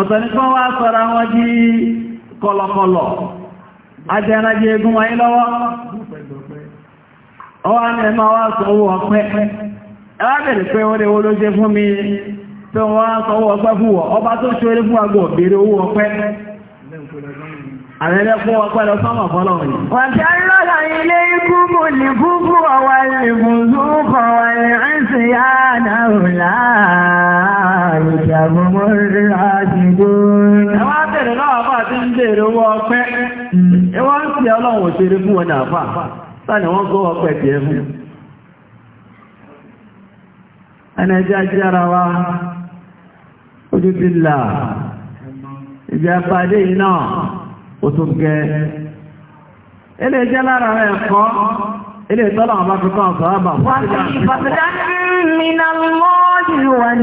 ọ̀tọ̀ ní wá sọ́ra wọn jí kọlọkọlọ ajẹ́rajẹ́ egun wáyé lọ́wọ́ ọwá ní ẹmà wá sọ́wọ́ ọpẹ́ ẹwà bẹ̀rẹ̀ pé wọ́n lè wó ló jẹ́ fún mi tó wá sọ́wọ́ ọpẹ́ fún wọ́ ọba tó fún عليكم الكفر والفسوق والعصيان أولئك هم الراشدون. Àwọn abẹ̀rẹ̀ náà ti ń bèèrè hmm. fún wọn náà wọ́n ẹ fún. Ẹni ojú ti là. náà, ó tún ilé jẹ́ lára rẹ̀ ẹ̀kọ́ ilé ìtọ́lọ̀ ọmọ fi kọ́ ọ̀sọ̀ ọba wọ́n ti fàfidá mìíràn lọ́yìn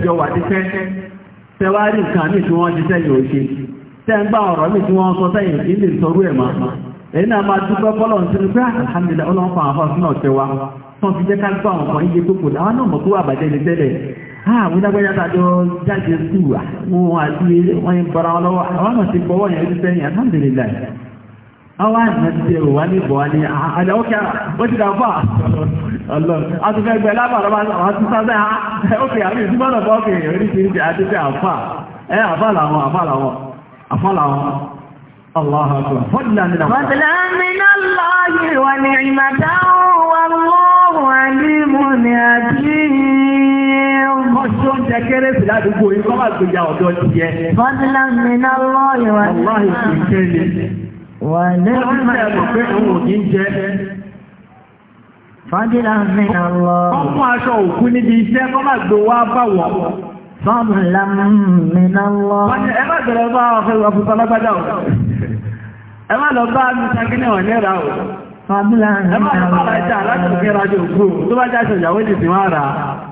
jọ wà títẹ́ tẹwárí nǹkan míì tí wọ́n jíṣẹ́ yóò ṣe tẹ́ǹgbà ọ̀rọ̀ míì tí wọ́n sọ sẹ́yìn kí lè sọrú ẹ̀ máa èyí náà máa dúpẹ́ fọ́lọ̀ ń sinú pé ah, alhamdulillah ọlọ́run fún náà àwọn àìmọ̀tí ẹ̀rọ wá ní ìbọ̀ wá ní àdá ókè ó ti dàbọ̀ ọlọ́run àtúnfẹ́ ẹgbẹ́ lábàrọ̀ àti sábẹ́ ókè àmì ìdúmọ̀nà bọ́ọ̀kì oríṣiríṣi àtúnfẹ́ àfà ẹ àfà làwọn àfà làwọn àfà làwọn الله أكبر فضلا من الله فضلا من الله ونعمة والله عليم حكيم Ọjọ́ ń jẹ kéré sí ládùúgbò yìí, kọ́ ti yẹ. Fọ́dúnlá mi náà lọ́yọ̀ wá. Ọlá ìpínkẹ́ ونعم Fọ́dílá mìíràn lọ. Ọmọ aṣọ òkú níbi iṣẹ́ kọ́ máa gbò wá báwọ̀. Fọ́dílá mìíràn lọ. Ẹ má bẹ̀rẹ̀ bá ọ̀fẹ́ ọ̀fúnfọ́ lágbádá ò. Ẹ má lọ bá mi sakínà ọ̀ nẹ́ra ò. Fọ́dílá mìíràn lọ. Ẹ má lọ bá ọ̀fẹ́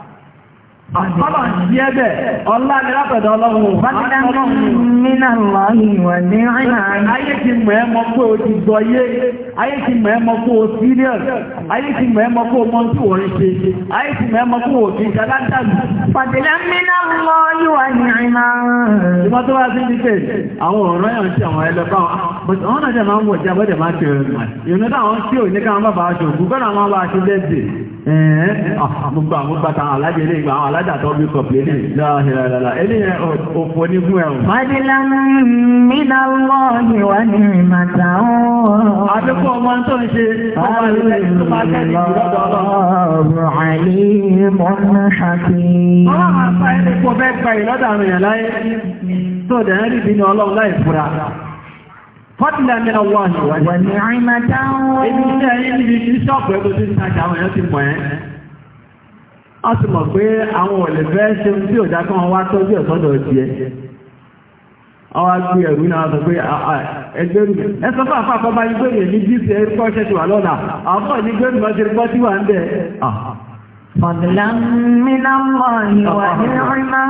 Ọlọ́run sí ẹbẹ̀, ọlá ni látọ̀dọ̀ ọlọ́run. Bọ́dá mínà lọ́rin wà ní ìrìnà. Ayé ti mọ̀ ẹ́ mọ̀ pé o ti gbọ́ yé, ayé ti mọ̀ ẹ́ mọ̀ pé o serious, ayé ti mọ̀ ẹ́ mọ̀ pé o mọ́ tí wọ́n ṣe, ayé ti mọ̀ ẹ́ mọ̀ pé o ti ṣaládàlù. Bọ́dá mínà lọ́rin wà ní ìrìnà. Ìmọ̀ tó bá sí ní pé àwọn ọ̀rọ̀ yàn tí àwọn ẹlẹ́bá wọn náà jẹ́ máa ń ti rẹ̀ Ah, gbogbo àwọn gbàtà àwọn alájẹ ilé ìgbà àwọn alájà tó bí kọ̀pìlẹ́nì láàrínláàrínlá eléyẹn òfò ní fún ẹ̀rùn. fàdílà nínà lọ́ọ̀dì wà ní ìmàtà ọ̀rọ̀. àdúgbò ọmọ tó ń ṣe ọmọ ilé ìgbà ọlọ́run. ọlọ́run àpá ẹni Fọ́dílà mìíràn wà ní wà ní àìmàdá wọn. Ebi iṣẹ́ yìí níbi ibi ṣọ́ọ̀pù ẹgbẹ́ tí ń tajà àwọn èèyàn ti mọ̀ ẹ́. A ti mọ̀ pé àwọn ọ̀lẹ̀ fẹ́ ṣe bí òjá kan wá Fọ̀dùlá mílá mọ̀ ìwà ìrìnà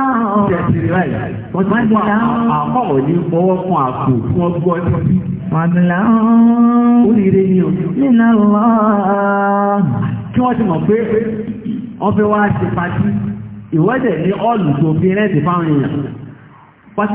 Fọ̀dùlá àmọ́ òní fọwọ́ fún àpò fún ọgbọ́ títí. Fọ̀dùlá oríire ni o. Mílá lọ. Kí wọ́n ti mọ̀ pé wọ́n fẹ́ wá ṣe pàtí. Ìwọ́dẹ̀ ní ọ́ọ̀lù tó fi rẹ́ẹ̀dì fáwọn èèyàn. Pàtí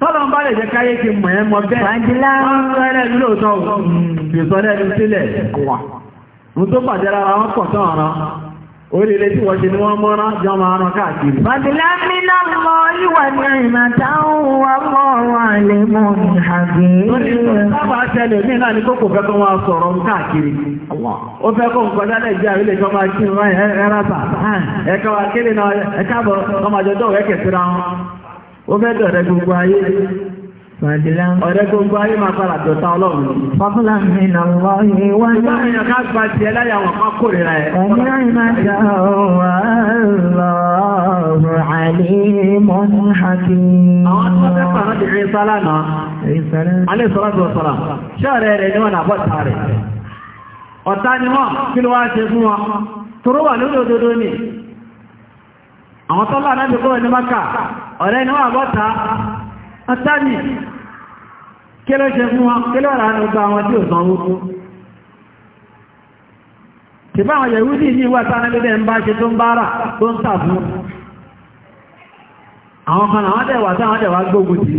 tọ́lọ̀ bá lè jẹ́ káyé kí mọ̀ ẹ́ bẹ́ẹ̀ wájílá ọ̀rẹ́ lóòótọ́ ìsọ́lẹ̀ sílẹ̀ wà ní tó pàdé ara wọn pọ̀ tán ọ̀rọ̀ orílẹ̀ tí wọ́n ṣe ni wọ́n mọ́ra jọmọ káàkiri. ó fẹ́ kó nǹkan dálẹ̀ jẹ́ àrílẹ̀ ó fẹ́ dọ̀rẹ́ gbogbo ayé ọ̀rẹ́ gbogbo ayé máa padà dọ̀ta ọlọ́run lọ. fọ́fúnlá mi nà wọ́ yìí wá ní. ìgbà èèyàn ká gba tiẹ̀ láyà wọn kan ẹ̀. máa lọ́rùn àwọn tó fẹ́ ti rí sálà náà. sọ́lá àwọn tọ́lá anábì kúrò ní maka ọ̀rẹ́ ni àbọ́ta ọ̀tánì kí ló ṣe fún wọn kí ló rà ní gba wọn tí ò sanwó fún ṣe bá àwọn ní tánà ń bá ṣe tó ń bára tó ń fún àwọn kan àwọn dẹ̀wà táwọn dẹ̀wà gbógun ti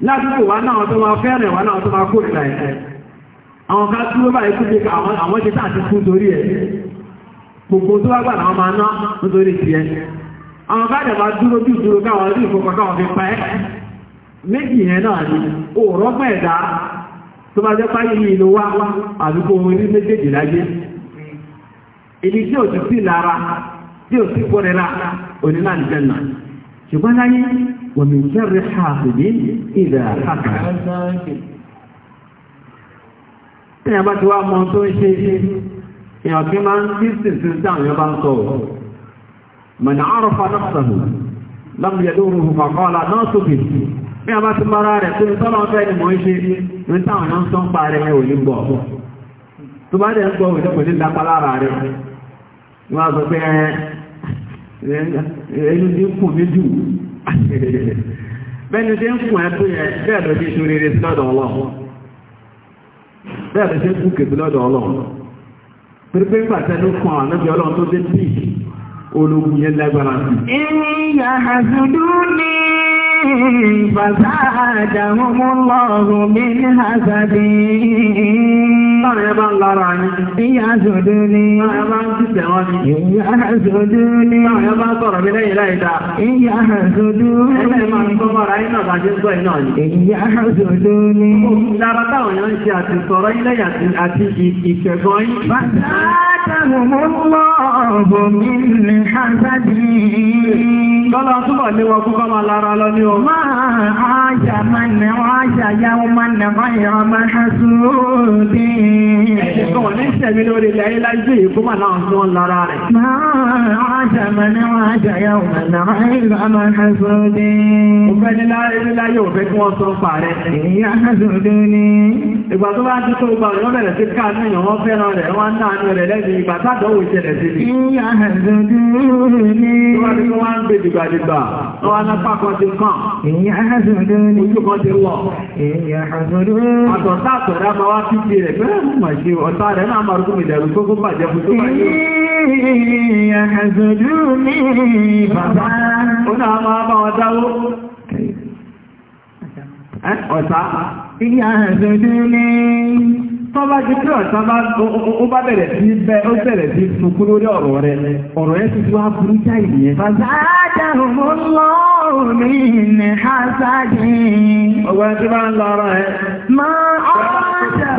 lásìkò wá náà tó máa fẹ́rẹ̀ wá náà tó máa kó ìlà ẹ̀ àwọn ká dúró báyìí àwọn ṣe ti kú torí ẹ̀ gbogbo tó wá wọn máa ná nítorí ti ẹ̀ àwọn ká dúró dúró káwọn rí ìfọkọ káwọn fi pa ẹ́ méjì yẹn náà ni òòrọ́ pẹ̀dá tó bá jẹ́ páyé yìí ló wá àdúgbò méjèèjì láyé ibi tí ò ti sí lára tí ò sí ومن شر حاسد إذا حسد ẹ̀yà bá ti wá mọ́ tó ń ṣe èèyàn kí máa ń kí sí sí sí àwọn ọba ń sọ mọ̀nà àrùfà lọ́pọ̀tàlù lámùyẹ̀dóòrùn fàkọ́ọ̀lá náà sókè bí a bá ti mara rẹ̀ tó ń tọ́lọ́ fẹ́ ni mọ́ ṣe ní [laughs] bẹ́ẹ̀ni tí ń fún ẹ̀tọ́ yẹ bẹ́ẹ̀ lọ sí ṣúrí rẹ̀ lọ́dọ̀ ọlọ́run bẹ́ẹ̀ lọ sí fún kèbí lọ́dọ̀ ọlọ́run pẹ̀lú ìgbà tẹ́lú fún àwọn ọ̀nàbí ọlọ́run tó dé bí ológun yẹn lágbára sí. ìyá àṣùdú ní fàṣà àdàmúmú lọ́rùn mi ní àṣàdì Táwọn ẹbá ń lára ní. Ìyá àṣòdó ní. Táwọn ẹbá ń tìtẹ̀ wọn ní. Ìyá àṣòdó ní. Táwọn ẹbá ń sọ̀rọ̀ mi lẹ́yìn láì dáa. Ìyá àṣòdó ní. Ẹlẹ́ máa ń kọ́ mọ́ra iná bàjẹ́ sọ iná ni. Ìyá àṣòdó ní. Lára táwọn èèyàn ń ṣe àti sọ̀rọ̀ ilé àti ìṣẹ̀gbọ́n yìí. Bàtà táwọn ọmọ mi ní Hazadi. Lọ́lá túbọ̀ lé wọn kúkọ́ máa lára lọ ní o. Máa ájà máa nà ájà yá wọn máa nà áyà máa hásùn ó dé. Ẹ̀ṣẹ̀ tó wọ́n ní ṣẹ̀mí Ìgbà tó bá ti tó gbà wọ́n bẹ̀rẹ̀ sí káàánú èèyàn wọ́n fẹ́ràn rẹ̀ wọ́n náà ní rẹ̀ lẹ́yìn ìgbà tádọ́wò ìṣẹ̀lẹ̀ sí ni. Ìyá hasòdì ni. Tó bá tó wá ń gbé dìgbàdìgbà, wọ́n wá lápá kan ti kàn. Ìyá hasòdì ni. Ojú kan ti wọ̀. Ìyá hasòdì ni. Àtọ̀tà àtọ̀rẹ́ màṣí ọ̀tá rẹ̀ náà máa rúkún ìdẹ̀rù tó kún bàjẹ́ fún tó bá yóò. Ìyàkàzòjú ní bàbá. Ó náà dáwó. Tọ́ bá ti pé ọ̀tá bá ó bá bẹ̀rẹ̀ sí bẹ́ ó bẹ̀rẹ̀ sí lórí ọ̀rọ̀ rẹ̀. Ọ̀rọ̀ ti ìyẹn.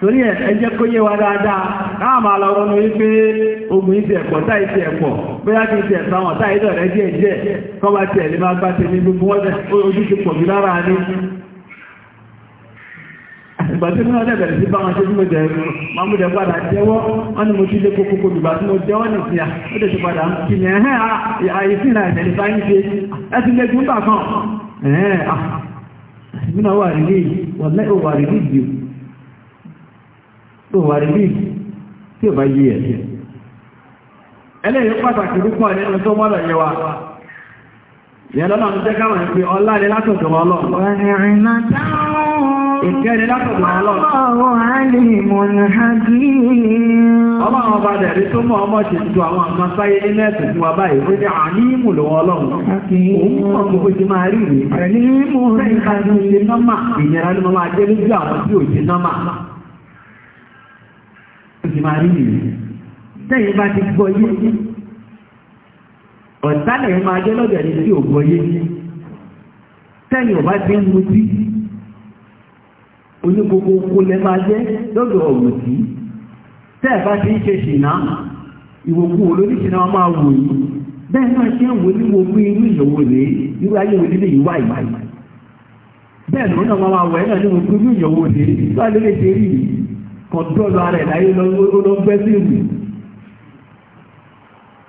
torí ẹ̀ ẹjẹ́ kó yé wa dáadáa káà máa lọ rọnu wípé ogun ìsì ìsì bóyá kí ìsì ìdọ̀ lè máa gbá ti gbogbo wọn ojú ti pọ̀ jù lára ní. ìgbà tí bẹ̀rẹ̀ sí jẹ́ máa mú jẹ́ padà jẹ́wọ́ wọn ni mo ti lé dùgbà tí mo ó ti padà ń kí ni nípa ṣe ẹ tó wà rí bí tí ò bá yí ẹ̀ ẹlẹ́yìn pàtàkì púpọ̀ nínú tó mọ́lọ̀ yẹ wa yẹn ń jẹ́ káwọn ìpè ọlá ni látọ̀dọ̀ ọlọ́run ìkẹ́ni látọ̀dọ̀ ọlọ́run ọlọ́run ọba dẹ̀rí tó mọ́ ọmọ ṣe ju àwọn àmọ́ sáyé ní mẹ́sìn fún wa báyìí ó ní àníìmù lọ́wọ́ ọlọ́run òun mọ̀ gbogbo ti máa rí rí àníìmù rẹ̀ ìkàdùn ṣe ti máa rí nìyí tẹ́yìn bá ti gbọ́ yé ní ọ̀tálẹ̀ máa jẹ́ lọ́dọ̀ ẹni tí ò gbọ́ yé ní tẹ́yìn ọba ti ń mutí onígbogbo oko lẹ máa jẹ́ lọ́dọ̀ ọ̀mùtí tẹ́ẹ̀ bá ti ń ṣe ṣìnà ìwòkú olóníṣìnà máa wò yìí bẹ́ẹ̀ náà ṣe ń wo níwo mú irú ìyòwò rèé irú ayé wo nílé ìwà ìwà bẹ́ẹ̀ kọ̀dọ́lù ara ẹ̀ láyé lọ́gbẹ́ sí ìwé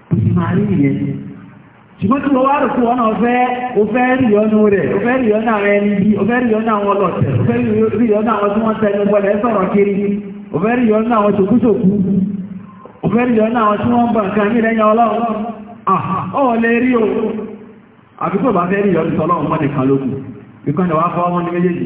kò sì máa rí ìyẹn ṣùgbọ́n tí wọ́n wá rò fún ọ náà o fẹ́ rí ọnù rẹ̀ o fẹ́ rí ọnù àwọn ẹni bí o fẹ́ rí ọnù àwọn ọlọ́tẹ̀ o fẹ́ rí ọnù àwọn tí wọ́n tẹnu bọ́lẹ̀ sọ̀rọ̀ kiri o fẹ́ rí ọnù àwọn ṣòkúṣòkú o fẹ́ rí ọnù àwọn tí wọ́n bọ̀ nǹkan ní lẹ́yìn ọlọ́run ọ̀ lè rí o àbíkò bá fẹ́ rí ọnù sọlọ́run mọ́ nìkan lókun ìkànnì wá fọ́ ọmọ ní méjèèjì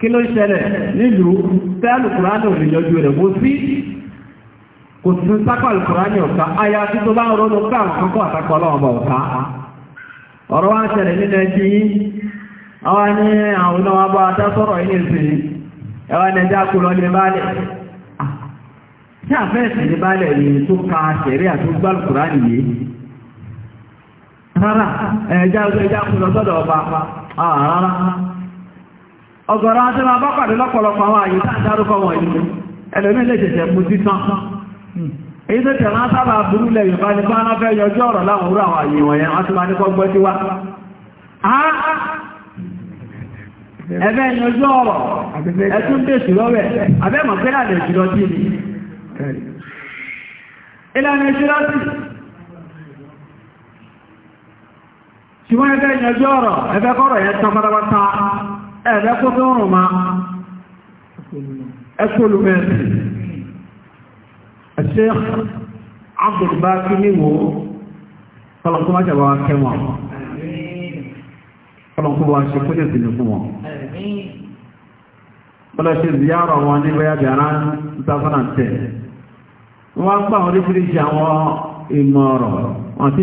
kí ló ṣẹlẹ̀ nílùú tẹ́lù kùránì òrìyànjú rẹ̀ bó sí kò sí sápàlù kùránì ọ̀ká aya tí tó bá ń rọ́nà ká àkọ́kọ́ àtàkọ́ ọlọ́ọ̀bà ọ̀ká ọ̀rọ̀ wá ṣẹlẹ̀ nínú ẹjí àwọn ní àwọn náà wá bá adásọ́rọ̀ ilé ìsìn ẹwà ní ẹjá kú lọ́lẹ̀ ọba ah, ọgọ̀rọ̀ àti máa bá pàdé lọ́pọ̀lọpọ̀ àwọn àyè tá à ń dárúkọ wọn ìlú ẹlòmí lè ṣẹ̀ṣẹ̀ mú títán èyí tó tẹ̀lá sábà burú lẹ̀ yorùbá ní bá náfẹ́ yọjú ọ̀rọ̀ láwọn orú àwọn àyè wọ̀nyẹn wọ́n ti máa ní kọ́ gbọ́ sí wa ẹ̀bẹ́ yọjú ọ̀rọ̀ ẹ̀tún dèṣù lọ́wẹ̀ abẹ́mọ̀ pé láàrẹ̀ jùlọ sí ni ìlànà ìṣúra sí ṣùgbọ́n ẹ̀bẹ́ yọjú ọ̀rọ̀ ẹ̀bẹ́ kọ́rọ̀ yẹn tán pátápátá ẹ̀rẹ́ kó tó rùn ma ẹkùlù ẹ̀ṣẹ́ àbùrùbá kí níwò kọlọ̀kú má jẹ̀bọ̀ kẹwọn kọlọ̀kú ṣe kó jẹ́ sílẹ̀ fún wọn kọlọ̀ṣe ziyara wọn ní 2010 wọ́n ti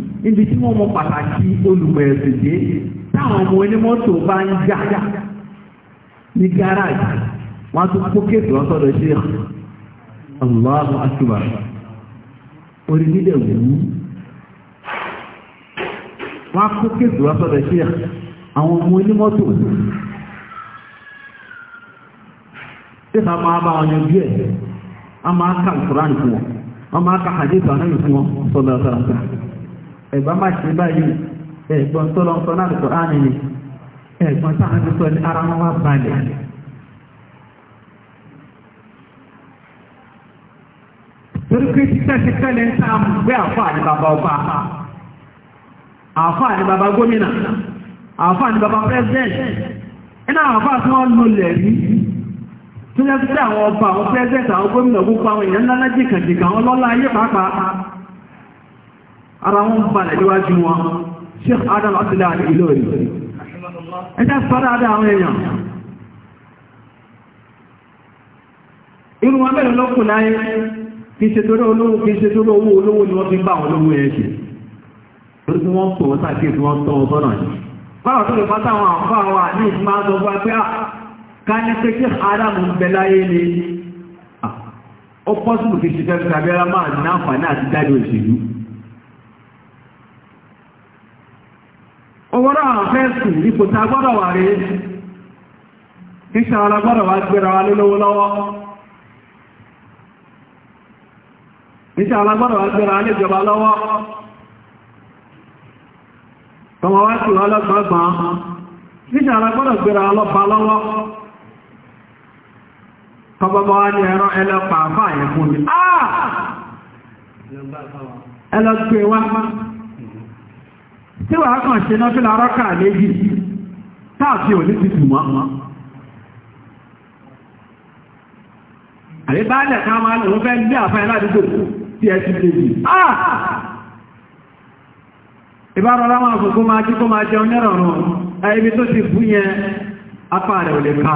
níbi tí wọ́n mọ pàtàkì olùmọ̀ ẹ̀sìn dé táwọn ọmọ onímọ́tò bá ń jà ní gáràjì wọ́n tún kó kéèkì wọ́n sọ́dọ̀ ṣe Allahu Akbar orí nílẹ̀ wù ú wọ́n kó kéèkì wọ́n sọ́dọ̀ ṣe àwọn ọmọ máa bá a máa ka wọn a máa ka wọn ẹ̀gbọ́n má ṣe báyìí ẹ̀gbọ́n tó lọ sọ náà lùtọ́ áàmì ni ẹ̀gbọ́n táwọn ti sọ ní ara wọn wá balẹ̀. torí pé títẹ́sítẹ́ lè ń sáà gbé àfáà ní bàbá ọba àfáà ní bàbá gómìnà àfáà ní bàbá pẹ́sidẹ̀ntì iná àfáà tí wọ́n lò lẹ̀ rí tó yẹ kí àwọn ọba àwọn pẹ́sidẹ̀ntì àwọn gómìnà gbogbo àwọn èèyàn ńlá lájìkàjìkà àwọn lọ́lá ayé pàápàá ara wọn balẹ̀ níwájú wọn Sheikh Adam Abdullah Ìlọrin ẹjá sọ́dáadá àwọn èèyàn irun abẹ́rẹ̀ lọ́kùn láyé kí ṣe torí olówó kí ṣe torí owó olówó ni wọ́n fi bá olówó ẹ̀ ṣe torí kí wọ́n pọ̀ wọ́n sàkíyèsí wọ́n tọ́ ọ sọ́nà yìí báwọn tó lè pátá àwọn àǹfà wa ní ìsinmi àtọ́ fún apẹ́ ká ní pé Sheikh Adam ń bẹ láyé ni ah, ó pọ́sùlù kì ṣe fẹ́ fi tàbí máa ní àǹfààní àti jáde òṣèlú ọwọ́rọ̀ àwọn fẹ́ẹ̀sì ipò wà rí iṣẹ́ ara gbọ́dọ̀ wá wa lólówó lọ́wọ́ iṣẹ́ ara gbọ́dọ̀ wá gbéra lọ́wọ́ tọmọ wá sí wọ́n lọ́gbọ́gbọ́n iṣẹ́ ara wa tí wà kàn ṣe náà fílà rọ́kà léjì táàfí ò ní ti tù wọ́n wọ́n máa lòun fẹ́ gbé àfẹ́ aládùúgbò tí ẹ ti léjì ah! ìbárọlá máa fún kó máa jí kó máa jẹun nírọ̀rùn ẹbí tó ti fún yẹn apá rẹ̀ ò lè ká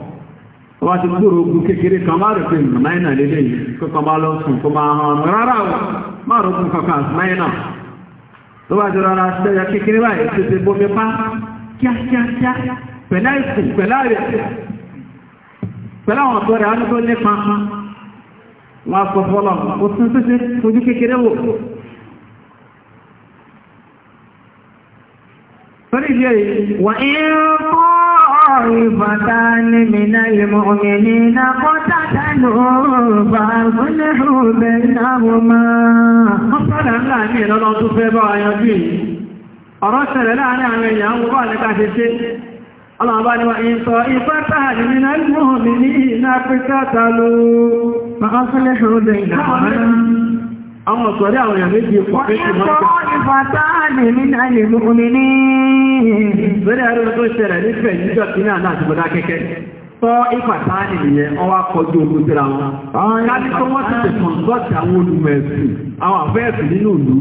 wọ́n ti gbúrò ogun kékeré kan máa rẹ̀ pé mẹ́nà lédè yìí kọ́kọ́ máa lọ sùn kó máa hàn rárá o máa rọ̀kùn kankan mẹ́nà tó bá jọra ara ṣẹ́yà kékeré báyìí tó ti bọ́ mẹ́pá kíákíákíá pẹ̀lá ìsìn pẹ̀lá rẹ̀ pẹ̀lá àwọn ọ̀tọ́ rẹ̀ á طائفتان من المؤمنين قتتلوا فأصلحوا بينهما Ọ̀sọ́dà ńlá ní ìrọ́lọ́ tó fẹ́ bá ọyọ́jú yìí. Ọ̀rọ̀ ṣẹlẹ̀ láàrin àwọn èèyàn ń wà ní káṣe ṣe. Ọlọ́ọ̀bá ni wà ń sọ ìfẹ́ta àdìmínà ìmúhùn mi ní ìná pẹ́kátà lóó. Màá fẹ́lẹ́ àwọn ọ̀sọ̀rí àwọn èèyàn méjì pọ̀ méjì mọ́ta. Wọ́n ní fàtàlì nínú ìlú omi ní. Lórí ẹ̀rọ tó ṣẹlẹ̀ nífẹ̀ẹ́ níjọ́ kí náà láti bọ́dá kẹ́kẹ́. Sọ ìfàtàlì nìyẹn, wọ́n wá kọjú ogun síra wọn. Kábí tó wọ́n ti tẹ̀sán lọ́tì àwọn olùmẹ̀sì, àwọn àfẹ́ẹ̀sì nínú ìlú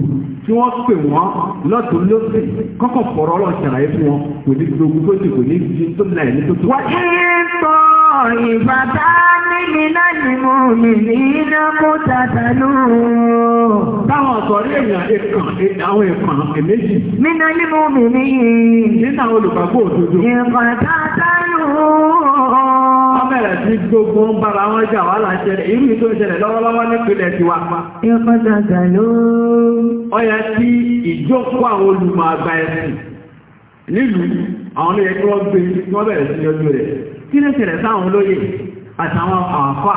tí wọ́n pè wọ́n lọ́tún lọ́sìn kọ́kọ̀ fọ̀rọ̀ ọlọ́ọ̀ṣàlàyé fún wọn kò ní gbogbo tó ti kò ní tó láì ní tó tó. Wọ́n ti ń tọ́ ìfàtánì nínà ní mú mi ní iná mú tàtàlú. Táwọn ọ̀sọ̀rí èèyàn ẹ̀kàn àwọn ẹ̀kàn ẹ̀mẹ́jì. Nínà ní mú olùmọ̀ àgbà ẹ̀sìn nílùú àwọn ilé ẹ̀kọ́ gbé wọ́n bẹ̀rẹ̀ sí ọjọ́ rẹ̀ kí ní ṣẹlẹ̀ sáwọn olóyè àtàwọn àfà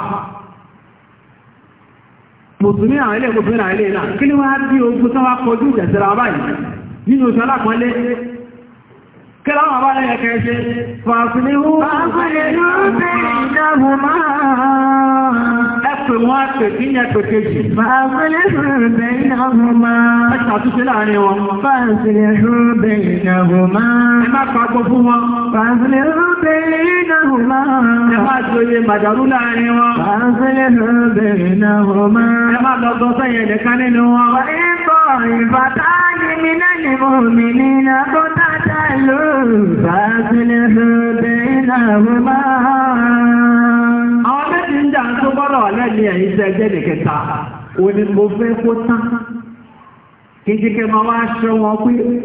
mùsùlùmí àwọn ilé mùsùlùmí àwọn ilé náà kí ní wá bí ogun tó wá kọjú ìjẹ̀sẹ̀ra báyìí nínú oṣù alápọ̀lé kíláwọn àbálẹ̀ yẹ kẹ́ pè wọ́n á pè kí ní ẹ pè kejì. Màá fẹ́lẹ́ fún bẹ́ẹ̀ náà mo máa. Ẹ ṣàtúnṣe láàrin wọn. Fàṣẹlẹ̀ fún bẹ́ẹ̀ náà mo máa. Ẹ má pàgọ́ fún wọn. Fàṣẹlẹ̀ fún bẹ́ẹ̀ máa. Ẹ má joyè màdàrú láàrin wọn. Fàṣẹlẹ̀ fún bẹ́ẹ̀ máa. Ẹ má lọ gbọ́ sẹ́yìn ẹ̀dẹ̀kan nínú wọn. Wọ́n ń gbọ́dọ̀ wà lẹ́yìn ẹ̀yìn jẹ́ nìkẹta o mo fẹ́ kó tán kí kíkẹ́ máa wá ṣe wọn pé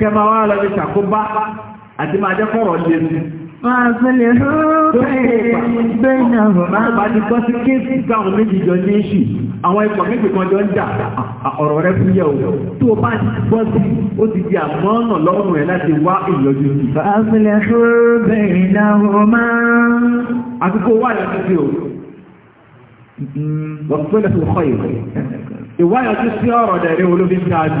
kẹma wá lọ bí ṣàkóbá àti máa jẹ́ kọ́rọ̀ lè sí. Wọ́n á fẹ́lẹ̀ àwọn ikọ̀ méjì kan jọ ń jà ọ̀rọ̀ rẹ̀ fún yẹ̀ òun tó o bá ti gbọ́ sí ó ti di àmọ́nà lọ́rùn ẹ̀ láti wá ìyọjú sí. àfilẹ̀ ṣúrúbẹ̀rẹ̀ náà máa àkókò wà ní títí o wọ́n pẹ́lẹ̀ tó kọ́ ìwé ìwáyọ̀ tó sí ọ̀rọ̀ dẹ̀rẹ́ olóbi ṣáájú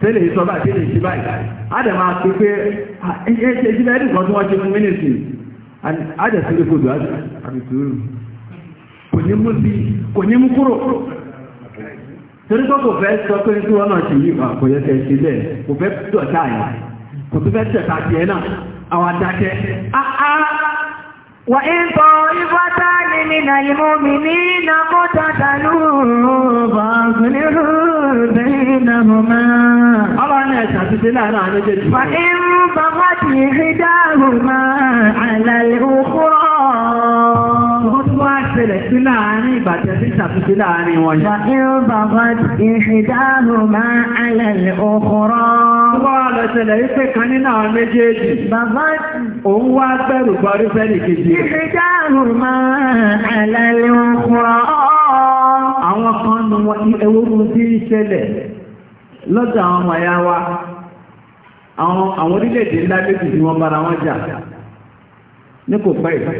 tẹ́lẹ̀ ìsọ báyìí tẹ́lẹ̀ ìsí báyìí adẹ̀ máa pè pé ah, ẹ ṣe jí bẹ́ẹ̀ nìkan tí wọ́n ṣe fún mínísì adẹ̀ sí lókòdò àbìtúrù kò ní mú sí kò ní mú kúrò torí pé kò fẹ́ sọ pé tí wọ́n náà ṣe yí ah, kò yẹ kẹ́ ṣe bẹ́ẹ̀ kò fẹ́ dọ̀tá yẹn kò tó fẹ́ tẹ̀ta tiẹ̀ náà àwọn adákẹ́ áá ah, وإن طائفتان من المؤمنين قتتلوا فأصلحوا بينهما انا تسلم انا جد فان بغت احداهما على الاخرى Àwọn kan nù wọ́n ní ewúrú sí ìṣẹ̀lẹ̀. lọ́dọ̀ àwọn ọmọ ya wa àwọn orílẹ̀-èdè ńlá méjì tí wọ́n bára wọn jà ní kò pẹ́ ìfẹ́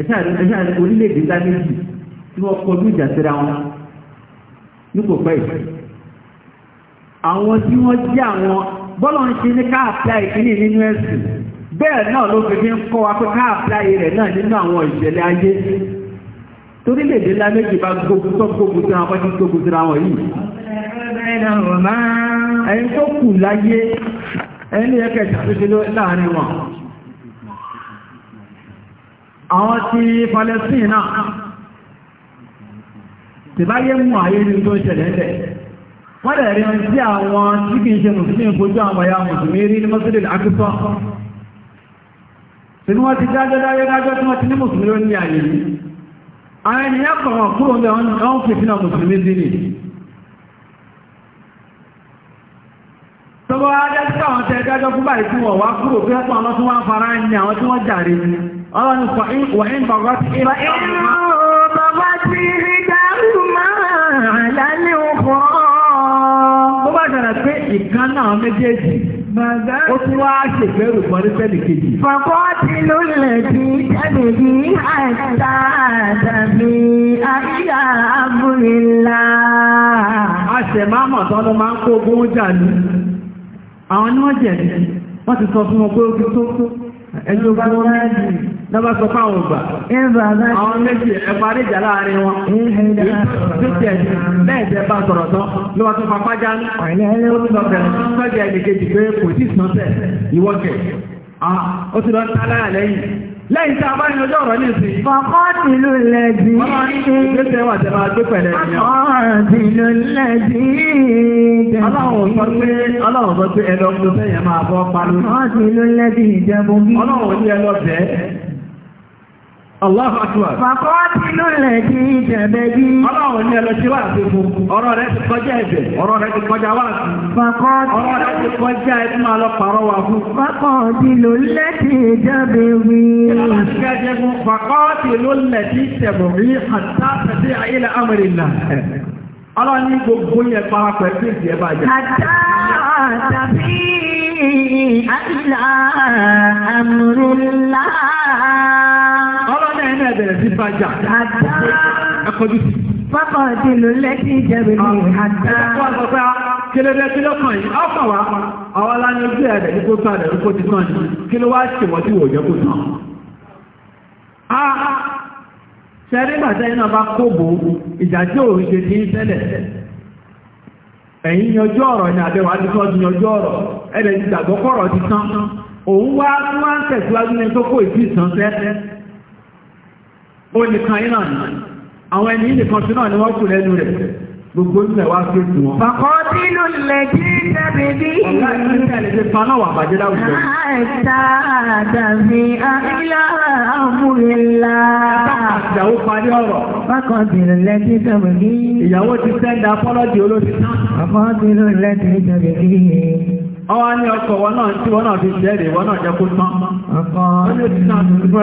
ìṣàrí orílẹ̀-èdè ńlá méjì tí wọ́n kọjú ìjà síra wọn ní kò pẹ́ ìfẹ́ àwọn tí wọ́n jẹ́ àwọn bọ́lọ̀ ń ṣe ní káàpíà ìpínlẹ̀ nínú ẹ̀sìn bẹ́ẹ̀ náà ló fi fi ń kọ́ wa pé káàpíà rẹ̀ náà nínú àwọn ìṣẹ̀lẹ̀ ayé torílẹ̀-èdè ńlá méjì bá gbógun tó gbógun tí àwọn ọdún gbógun tí àwọn yìí ẹ̀yìn tó kù láyé ẹni ẹ̀kẹ́ ìṣàtúnṣe láàrin wọn àwọn ti Palestine náà ti bá yé mú ayé ní tó ṣẹlẹ̀ ẹ̀ wọ́n lè rí sí àwọn tí kìí ṣe mùsùlùmí fojú àwọn ya mùsùlùmí rí ní mọ́sílẹ̀ àkúsọ́ sínú wọ́n ti dájọ́ dájọ́ dájọ́ tí wọ́n ti ní mùsùlùmí ó ní àyè yìí àwọn ẹni yá kọ̀wọ̀ kúrò ní ọ̀hún fìfínà mùsùlùmí sí ni tọ́bọ̀ adájúkà àwọn tẹ́ ẹgbẹ́jọ́ fún báyìí tí wọ̀ wá kúrò fẹ́ pọ̀ àwọn tí wọ́n fara ní àwọn tí wọ́n jàre ọlọ́ni wọ̀hín bàbá ti ìrà ó tún wá ṣègbẹ́rù kan ní sẹ́ni kejì. Bọ̀bọ́ ti ló lè di jáde ní àìsà tàbí àyà abúlélá. Aṣẹ̀mámọ̀ tán ló máa ń kó ogún jà ní. Àwọn ni wọ́n jẹ̀bi, wọ́n ti sọ fún wọn pé ó ti tó tó. ẹni ló bá lọ rẹ́ di lọ́ba sọ fún àwọn ọgbà àwọn méjì ẹ̀parí ìjà láàrin wọn títẹ̀ bẹ́ẹ̀ jẹ́ bá sọ̀rọ̀ tán ló tó fa pájá ní ó lọ bẹ̀rẹ̀ sọ́jà ẹnìkejì pé kò lẹ́yìn tí a bá yẹn ọjọ́ ọ̀rọ̀ ní ìsìn. Fọ̀kọ́tìlú lẹ́dí. Ìgbésẹ̀ wà lẹ́dí. Ọlọ́run sọ pé Ọlọ́run sọ pé ẹlọ́gbọ́n máa bọ́ pariwo. Fọ̀kọ́tìlú lẹ́dí ìjẹ́bùn bí. Ọlọ́run ní ẹlọ́bẹ̀ẹ́. Allahu akbar. Fàkọ́tìlú lè di ìjẹ̀bẹ̀ bí. Ọlọ́run ní ẹlọ tí wà sí fún. Ọ̀rọ̀ rẹ̀ ti kọjá ẹ̀bẹ̀. Ọ̀rọ̀ rẹ̀ ti kọjá wà sí. Fàkọ́tìlú. Ọ̀rọ̀ rẹ̀ ti kọjá ẹ̀ fún àlọ́ pàrọ̀ wà fún. Fàkọ́tìlú lè di ìjẹ̀bẹ̀ bí. Fàkọ́tìlú lè di ìjẹ̀bẹ̀ bí. Àtàkàtì àyílà amrillah. Ọlọ́run ní gbogbo yẹn parapẹ̀ sí ìdí ẹ̀ bàjẹ́. Àtàkàtì àyílà amrillah náà bẹ̀rẹ̀ sí bàjá. Àdá. Ẹ kọjú sí. Pápá ọ̀dẹ ah. ló lẹ́kí ìjẹ̀bù ní àdá. Ẹ̀kọ́ sọ pé kílódé kílókàn yìí, ó kàn wá. Àwọn aláyé ojú ẹ̀ rẹ̀ kó tán rẹ̀ kó ti tán ni. Kí ló wá ṣe wọ́n tí wò jẹ́ kó tán? A ah, ah, ṣẹ́rí bàtẹ́ iná bá kóbo ìjà tí òun ṣe ti ń tẹ́lẹ̀. Ẹ̀yin yanjú ọ̀rọ̀ ni àbẹ̀wò àdìsọ́ ti yanjú ọ̀rọ̀. Ẹ̀rẹ̀ ti dàgbọ́kọ̀rọ̀ ti tán. Òun wá wá ń tẹ̀síwájú ní tó kó ìdí ìtàn tẹ́tẹ́ ó nìkan iná ni àwọn ẹni nìkan sí náà ni wọ́n kù lẹ́nu rẹ̀ gbogbo ìlú ẹ̀wà sí ètò wọn. Fàkọ́dínú lẹ́jí tẹ́bi bí. Ọ̀gá ìlú tẹ́lẹ̀ ti fa náà wà bàjẹ́ láwùjọ. Àìsà àdàbí àìlá àmúlélá. Ìyàwó parí ọ̀rọ̀. Fàkọ́dínú lẹ́jí tẹ́bi bí. Ìyàwó ti sẹ́ńdà apọ́lọ́dì olóṣì náà. Fàkọ́dínú lẹ́jí tẹ́bi bí. Ọwọ́ ní ọkọ̀ wọn náà tí wọn náà fi jẹ́rìí wọn náà jẹ́ tán. Ọkọ̀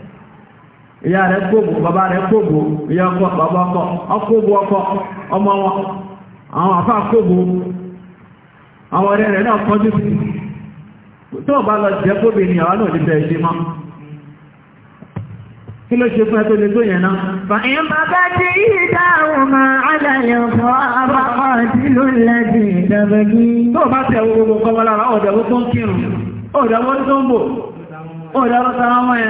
ìyá rẹ̀ kóòbù bàbá rẹ̀ kóòbù ìyá ọkọ̀ bàbá ọkọ̀ ọkóòbù ọkọ̀ ọmọ wọn àwọn àfá kóòbù àwọn ọ̀rẹ́ rẹ̀ náà kọjú sí tó bá lọ jẹ́ kóòbù ni àwọn náà lè ṣe mọ́ kí ló ṣe fún ẹ tó lè tó yẹn náà fàyín bàbá tí ìdáhùn máa alàyẹ̀ fọ́ àbákọ̀ tí ló lẹ́dì ìdàbẹ̀gí tó bá tẹ̀ gbogbo kọmọlára ọ̀dẹ̀wó tó ń kírun ọ̀dẹ̀wó tó ń bò ọ̀dẹ̀wó tó ń mọ́ ẹ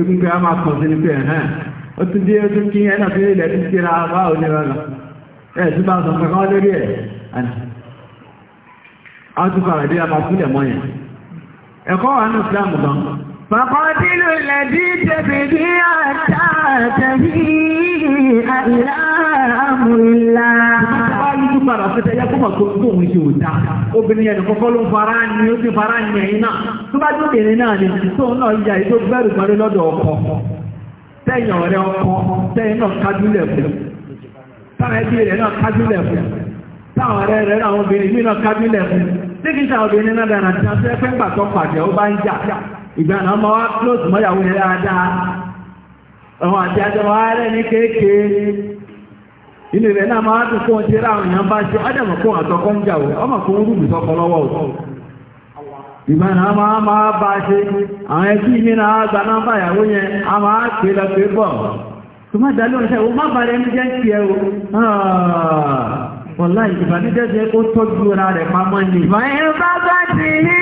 egun a máa kàn sí pé ẹ̀hẹ́n ó tún dé ó kí ẹ náà fi ilẹ̀ tí kíra bá ò ní ẹ̀ tí bá sọ kankan lórí ẹ̀ a tún fara dé a máa mọ́ yẹn ẹ̀kọ́ wà ní Islam gan. Fàkọ́dílù lẹ́bí tẹ̀bí ní àtàrà tó tó ń ṣe òdá obìnrin ẹni kọ́kọ́ ló ń fara ní ó ti fara ní ẹ̀yìn náà tó bá jókèrè náà ni tó náà yà èyí tó gbẹ́rù parí lọ́dọ̀ ọkọ tẹ́yìn ọ̀rẹ́ ọkọ tẹ́yìn náà kájúlẹ̀ fún táwọn ẹbí rẹ̀ náà kájúlẹ̀ fún táwọn ọ̀rẹ́ rẹ̀ náà obìnrin inú rẹ̀ náà máa dùn fún ọjọ́ ráhùn yàn bá ṣe ádámù fún àtọkọ́ ń jàwó ọmọ fún rúbù sọkọ lọ́wọ́ a máa máa bá ṣe àwọn ẹbí mi náà gba nọ́mbà ìyàwó yẹn a máa pè lọ pé bọ̀ tó má dálé ọ̀ṣẹ́ o má jẹ́ ń o wọ́n láì ìbànújẹ́ jẹ́ kó tọ́jú ra rẹ̀ pamọ́ ni. bá bá ti rí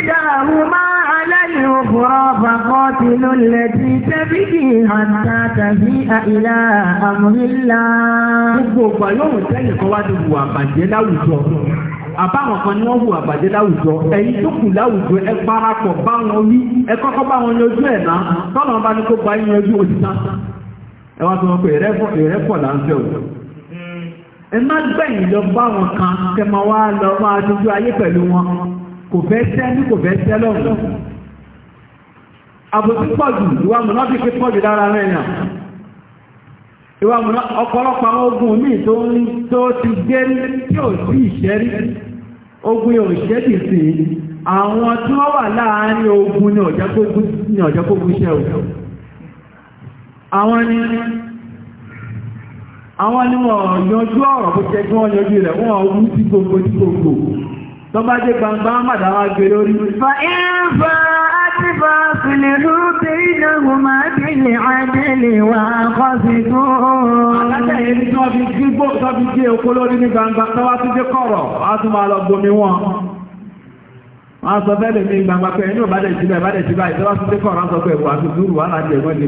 الأخرى فقاتلوا التي تبغي حتى تفيء إلى أمر الله. gbogbo ọgbà yóò mú tẹ́lẹ̀ kan wá ní ìwà àbàjẹ́ láwùjọ àbáwọn kan ni wọ́n hùwà àbàjẹ́ láwùjọ ẹ̀yin tó kù láwùjọ ẹ parapọ̀ bá wọn wí ẹ kọ́kọ́ bá wọn yanjú ẹ̀ náà tọ́lọ́ bá ní kó bá yín yanjú òṣìṣẹ́ ẹ wá sọ wọn pé ìrẹ́pọ̀ là ń fẹ́ òjò ẹ má gbẹ̀yìn lọ bá wọn kan kẹ máa wá lọ máa dojú ayé pẹ̀lú wọn kò fẹ́ sẹ́ ní kò fẹ́ sẹ́ lọ́rùn àbòsí pọ̀jù ìwà kí pọ̀jù lára náà ìwà ọ̀pọ̀lọpọ̀ ogun míì tó ń tó ti gé tí ò sí ìṣẹ́rí ogun òṣèdì sí àwọn tí wọ́n wà láàárín ogun ní ọ̀jẹ́kógún iṣẹ́ àwọn ni wọ́n yanjú ọ̀rọ̀ bó yanjú rẹ̀ wọ́n sí gbogbo sí فأصلحوا بينهما بالعدل وأقسطوا Àlájẹ́ yìí ni tí gbígbó tọ́bi jẹ́ okó ní gbangba tọ́wá tí jẹ́ kọ̀rọ̀, a tún máa lọ gbomi wọn. Wọ́n sọ bẹ́ẹ̀ ní gbangba pé ẹni ò bá dẹ̀ síbẹ̀ bá dẹ̀ síbẹ̀ tọ́wá tí jẹ́ kọ̀rọ̀ sọ pé ẹ̀kọ́ àti dúró wà láti ẹ̀gbọ́n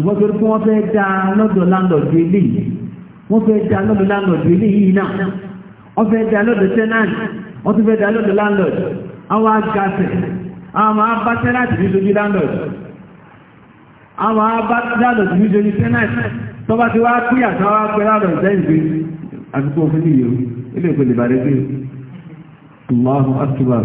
ṣùgbọ́n torí pé wọ́n fẹ́ da lọ́dọ̀ láńdọ̀dù eléyìí wọ́n fẹ́ da lọ́dọ̀ láńdọ̀dù eléyìí náà wọ́n fẹ́ da lọ́dọ̀ tẹ́nàtì wọ́n tún fẹ́ da lọ́dọ̀ láńdọ̀dù àwọn agasẹ̀ àwọn abá tẹ́nàtì ní lójú láńdọ̀dù àwọn abá láńdọ̀dù ní lójú tẹ́nàtì tó bá ti wá pín àtàwọn apẹ́ láńdọ̀dù tẹ́ǹgbé àfikún òfin ìyẹ̀wò ilé ìpele ìbàdẹ́gbé Allahu akbar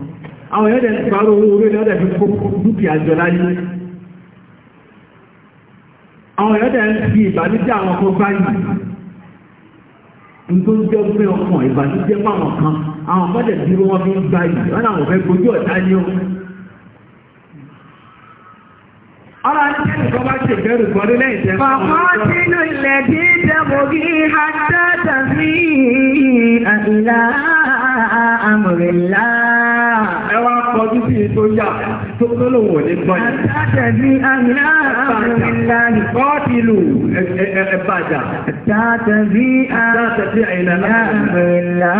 àwọn èèyàn dẹ̀ pàárọ̀ owó orí lọ́dẹ̀ fi kó dúkìá jọ láyé àwọn èèyàn fi ìbànújẹ́ àwọn kan báyìí nígbó ń jẹ́ pé ọkàn ìbànújẹ́ fáwọn kan àwọn mọ́dẹ̀ dúró wọn fi ń gba yìí wọn àwọn fẹ́ àmùrìlá. Ẹ wá kọjú sí ètò yà tó tó lòun ò ní gbọ́n yìí. Àtàtẹ̀bí àmìlá àmùrìlá ni. Kọ́ọ̀tì ìlú ẹ̀bàjà. Àtàtẹ̀bí àmìlá àmùrìlá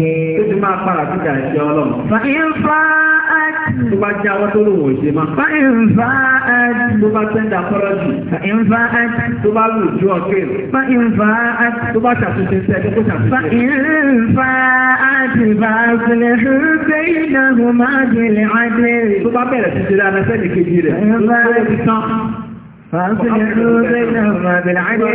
yìí. Ó ti máa pa àbíkà ìjọ ọlọ́run. Fàyín fáá tó bá jẹ́ àwọn tó lòun ò ṣe máa. fa ìfà àti. tó bá tẹ́ndà kọ́rọ́ jù. fa ìfà àti. tó bá lù ju ọ̀gbìn. fa ìfà àti. tó bá ṣàtúnṣe sí ẹni kó ṣàtúnṣe. fa ìfà àti bá fìlẹ̀ ṣùgbẹ́ ìdáhùn máa gbélé àdéhùn. tó bá bẹ̀rẹ̀ sí ṣe dáadáa sẹ́ni kejì rẹ̀. ìfà àti. فأصلحوا بينهما بالعدل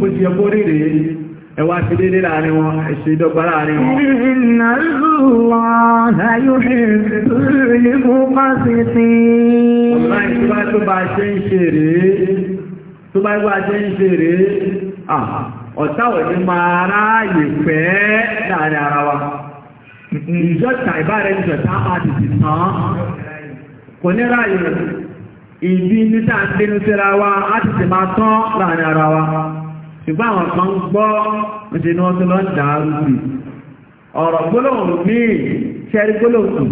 sídù. Ẹwà ti dédé láàrin wọn, ẹ̀ṣẹ̀ ìdọ́gba láàrin wọn. Inna Allaha yuhibbul muqsitin. Ọ̀nà ìtúbá tó bá ṣe ń ṣe rèé, tó bá wá ṣe ń ṣe rèé, ọ̀tá òní máa ráyè pẹ́ láàrin ara wa ìjọta ìbára ẹni jọta máa ti ti tán kò ní ráyè rẹ̀ ìdí ní tàà ń dénú síra wa láti ti máa tán láàrin ara wa ṣùgbọ́n àwọn kan gbọ́ ṣe ní wọ́n tó lọ ń ọ̀rọ̀ gbólóhùn míì ṣẹ́rí gbólóhùn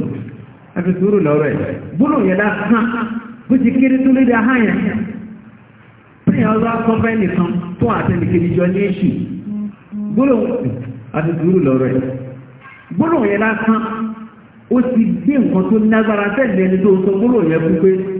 tó lédè sùúrù lọ́rọ̀ ẹ̀ gbólóhùn yẹn lásán ó ti gbé nǹkan tó lágbára ẹni tó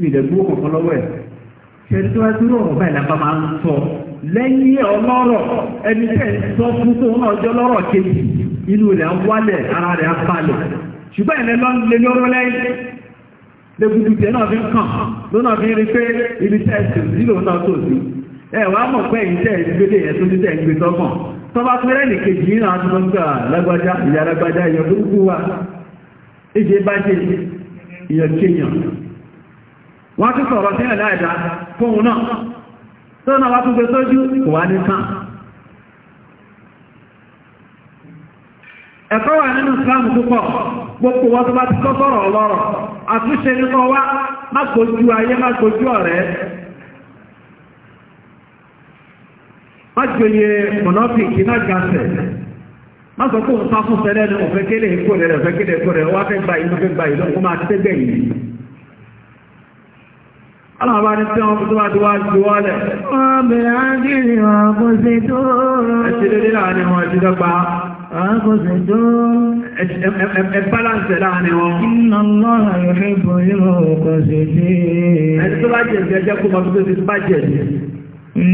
mi ìdẹ̀ gbówó kankan lọ́wọ́ ẹ̀ ṣẹ́ni tó wá sí ọ̀rọ̀ báyìí lápá máa ń sọ lẹ́yìn ọlọ́rọ̀ ẹni tẹ̀ ń sọ fún tó ń ọjọ́ lọ́rọ̀ kejì inú rẹ̀ ń wálẹ̀ ara rẹ̀ ń palẹ̀ ṣùgbọ́n ìlẹ́ lọ lè lọ́rọ́ lẹ́yìn lẹ́gbùdù tẹ̀ náà fi ń kàn lọ́nà fi rí pé ibi tẹ̀ sí nílò náà tó sí ẹ wàá mọ̀ pé èyí tẹ̀ gbélé ẹ̀ tó ti tẹ̀ gbé sọ́kàn tọ́ba pẹ́rẹ́ nìkejì yìí náà tó ń gbà lágbájá ìyá lágbájá ìyọ̀ burúkú wa ìṣe bá ṣe ìyọ̀ kéèyàn wọ́n tún sọ̀rọ̀ sí ẹ̀lá ẹ̀dá fóhun náà tó náà wá tún gbé sójú kò ní tán ẹ̀kọ́ wà nínú islamu púpọ̀ gbogbo wọ́n tó bá ti kọ́ sọ̀rọ̀ ọlọ́rọ̀ àtúnṣe nínú wá má gbójú ayé má gbójú ọ̀rẹ́ má gbèyè gàṣẹ̀ má sọ pé òun sá fún sẹ́lẹ̀ ní Aláàbá ní tí wọ́n fi tó bá ti wá ju wálẹ̀. Wọ́n bèèrè ágìrì wọn kò sí tó. Ẹ̀ṣẹ́ dédé láàrin wọn ti dọ́gba. Wọ́n kò sí tó. Ẹ̀bálàǹsẹ̀ láàrin wọn. Iná lọ́rọ̀ yóò fi bò yóò kò sí tí. Ẹni tó bá jẹ̀ jẹ́ kó mọ́ tó ti bá jẹ̀ jẹ́.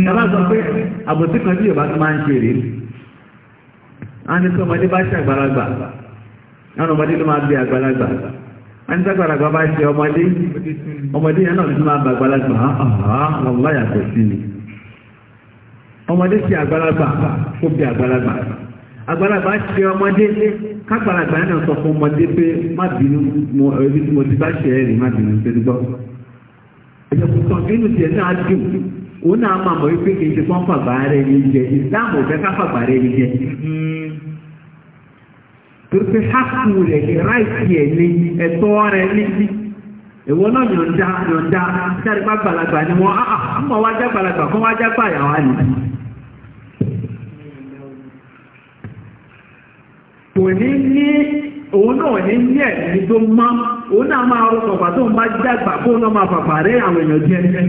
Ẹ bá sọ pé àbòsí kan tí Yorùbá ti máa ń ṣe rèé. A ní ẹni tẹ́gbàrà bàbá ṣe ọmọdé ọmọdé yẹn náà tún máa bá àgbàlagbà ọ̀hán ọ̀lá yàtọ̀ sí ni ọmọdé ṣe àgbàlagbà kó bí àgbàlagbà àgbàlagbà ṣe ọmọdé kágbàlagbà yẹn náà sọ fún ọmọdé pé má bínú mo ẹbí tí mo ti bá ṣe ẹ̀rì má bínú ṣe gbọ́ ìṣẹ̀kùsọ̀ nínú tiẹ̀ náà dùn òun náà máa mọ̀ wípé kì í ṣe fún fàgbà rẹ̀ ní jẹ torí pé hákù rẹ̀ ráìtì ẹ̀ ní ẹ̀tọ́ rẹ̀ níbi ìwọ náà yọ̀ǹda yọ̀ǹda sáré ni wọ́n áà mọ̀ wá já gbàlagbà kọ́ wá já gbà yà ni nìyí. kò ní ní òun náà ní ní ẹ̀mí tó mọ́ òun náà máa rọ pàpà tó ń bá dàgbà kó náà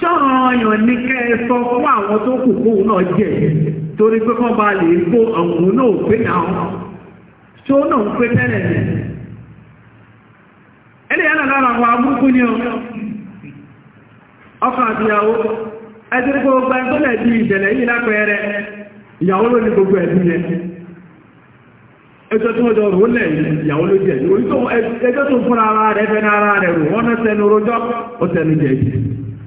ṣọ́ọ̀yàn ní kẹ́ ẹ sọ fún àwọn tó kù kóhun náà jẹ́ torí pé kọ́ bá lè kó ọ̀hún náà pé náà ṣó náà ń pé tẹ́lẹ̀ ní lára àwọn ní ọkọ̀ ẹjọ́ yìí lápẹẹrẹ ìyàwó ló ní gbogbo ẹ̀bí yẹn ẹjọ́ jọ rò lẹ̀ ìyàwó ló ẹjọ́ tó fún ara rẹ̀ fẹ́ ní ara rẹ̀ rò wọ́n náà rojọ́ ó tẹnu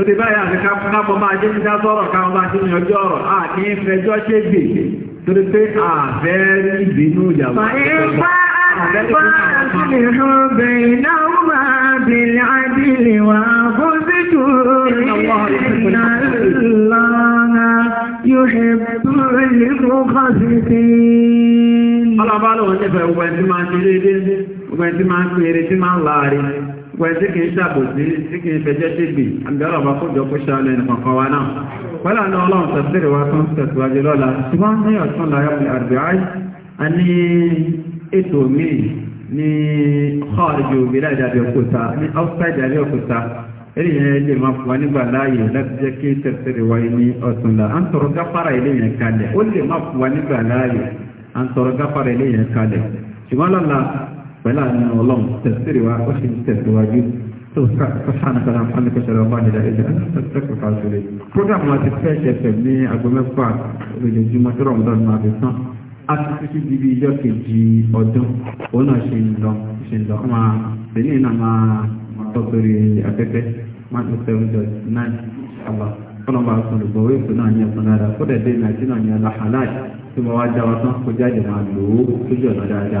tó ti báyà ní kápọ̀ máa jẹ́ títà sọ́rọ̀ káwọn bá ti ní ọjọ́ ọ̀rọ̀ àti ìfẹjọ́ ṣe gbè tó pé ààbẹ́ ìbínú ìyàwó Ọlọ́bá lọ́wọ́ nífẹ̀ẹ́ ọgbẹ̀ntí máa ń ṣe déédéé, ọgbẹ̀ntí máa ń pèrè tí máa ń láàrin wọ́n tí kìí ṣàbò sí tí kìí fẹ́jẹ́ tí bì àbẹ̀rọ̀ bá kójọ kó ṣàlẹ̀ nìkankan wa náà pẹ́lá ní ọlọ́run tẹ̀síri wa tún tẹ̀síwájú lọ́la tí wọ́n ní ọ̀tún láyọ̀ àrùbíáì a ní ètò míì ní kọ́ọ̀rọ̀jù outside ìdàbí òkúta eléyìn lè máa fún wa nígbà wa ní ọ̀tún la à ń tọrọ gáfárà eléyìn kalẹ̀ ó lè máa fún wa nígbà láàyè ṣùgbọ́n lọ́la pẹ̀lú àwọn ọlọ́run tẹ̀síri wa ó sì ń tẹ̀síwájú tó sàánà kan àwọn ọmọdé kẹsàrọ̀ bá nílẹ̀ ẹ̀jẹ̀ ẹ̀sẹ̀kọ̀ káàkiri. program wa ti fẹ́ ṣẹ̀ṣẹ̀ ní aago mẹ́fà lójoojúmọ́ tó rọ̀mọ́dọ́ ní àbẹ̀ tán a ti fi sí bíbí ijọ́ kejì ọdún òun náà ṣe ń lọ ṣe ń lọ ọmọ benin náà máa tọ́ sórí afẹ́fẹ́ máa tó seven dot nine ṣàbà kọ́nà bá kún lùgbọ́ wí fún náà ní ẹ̀kún halal tí mo wá já wa tán kó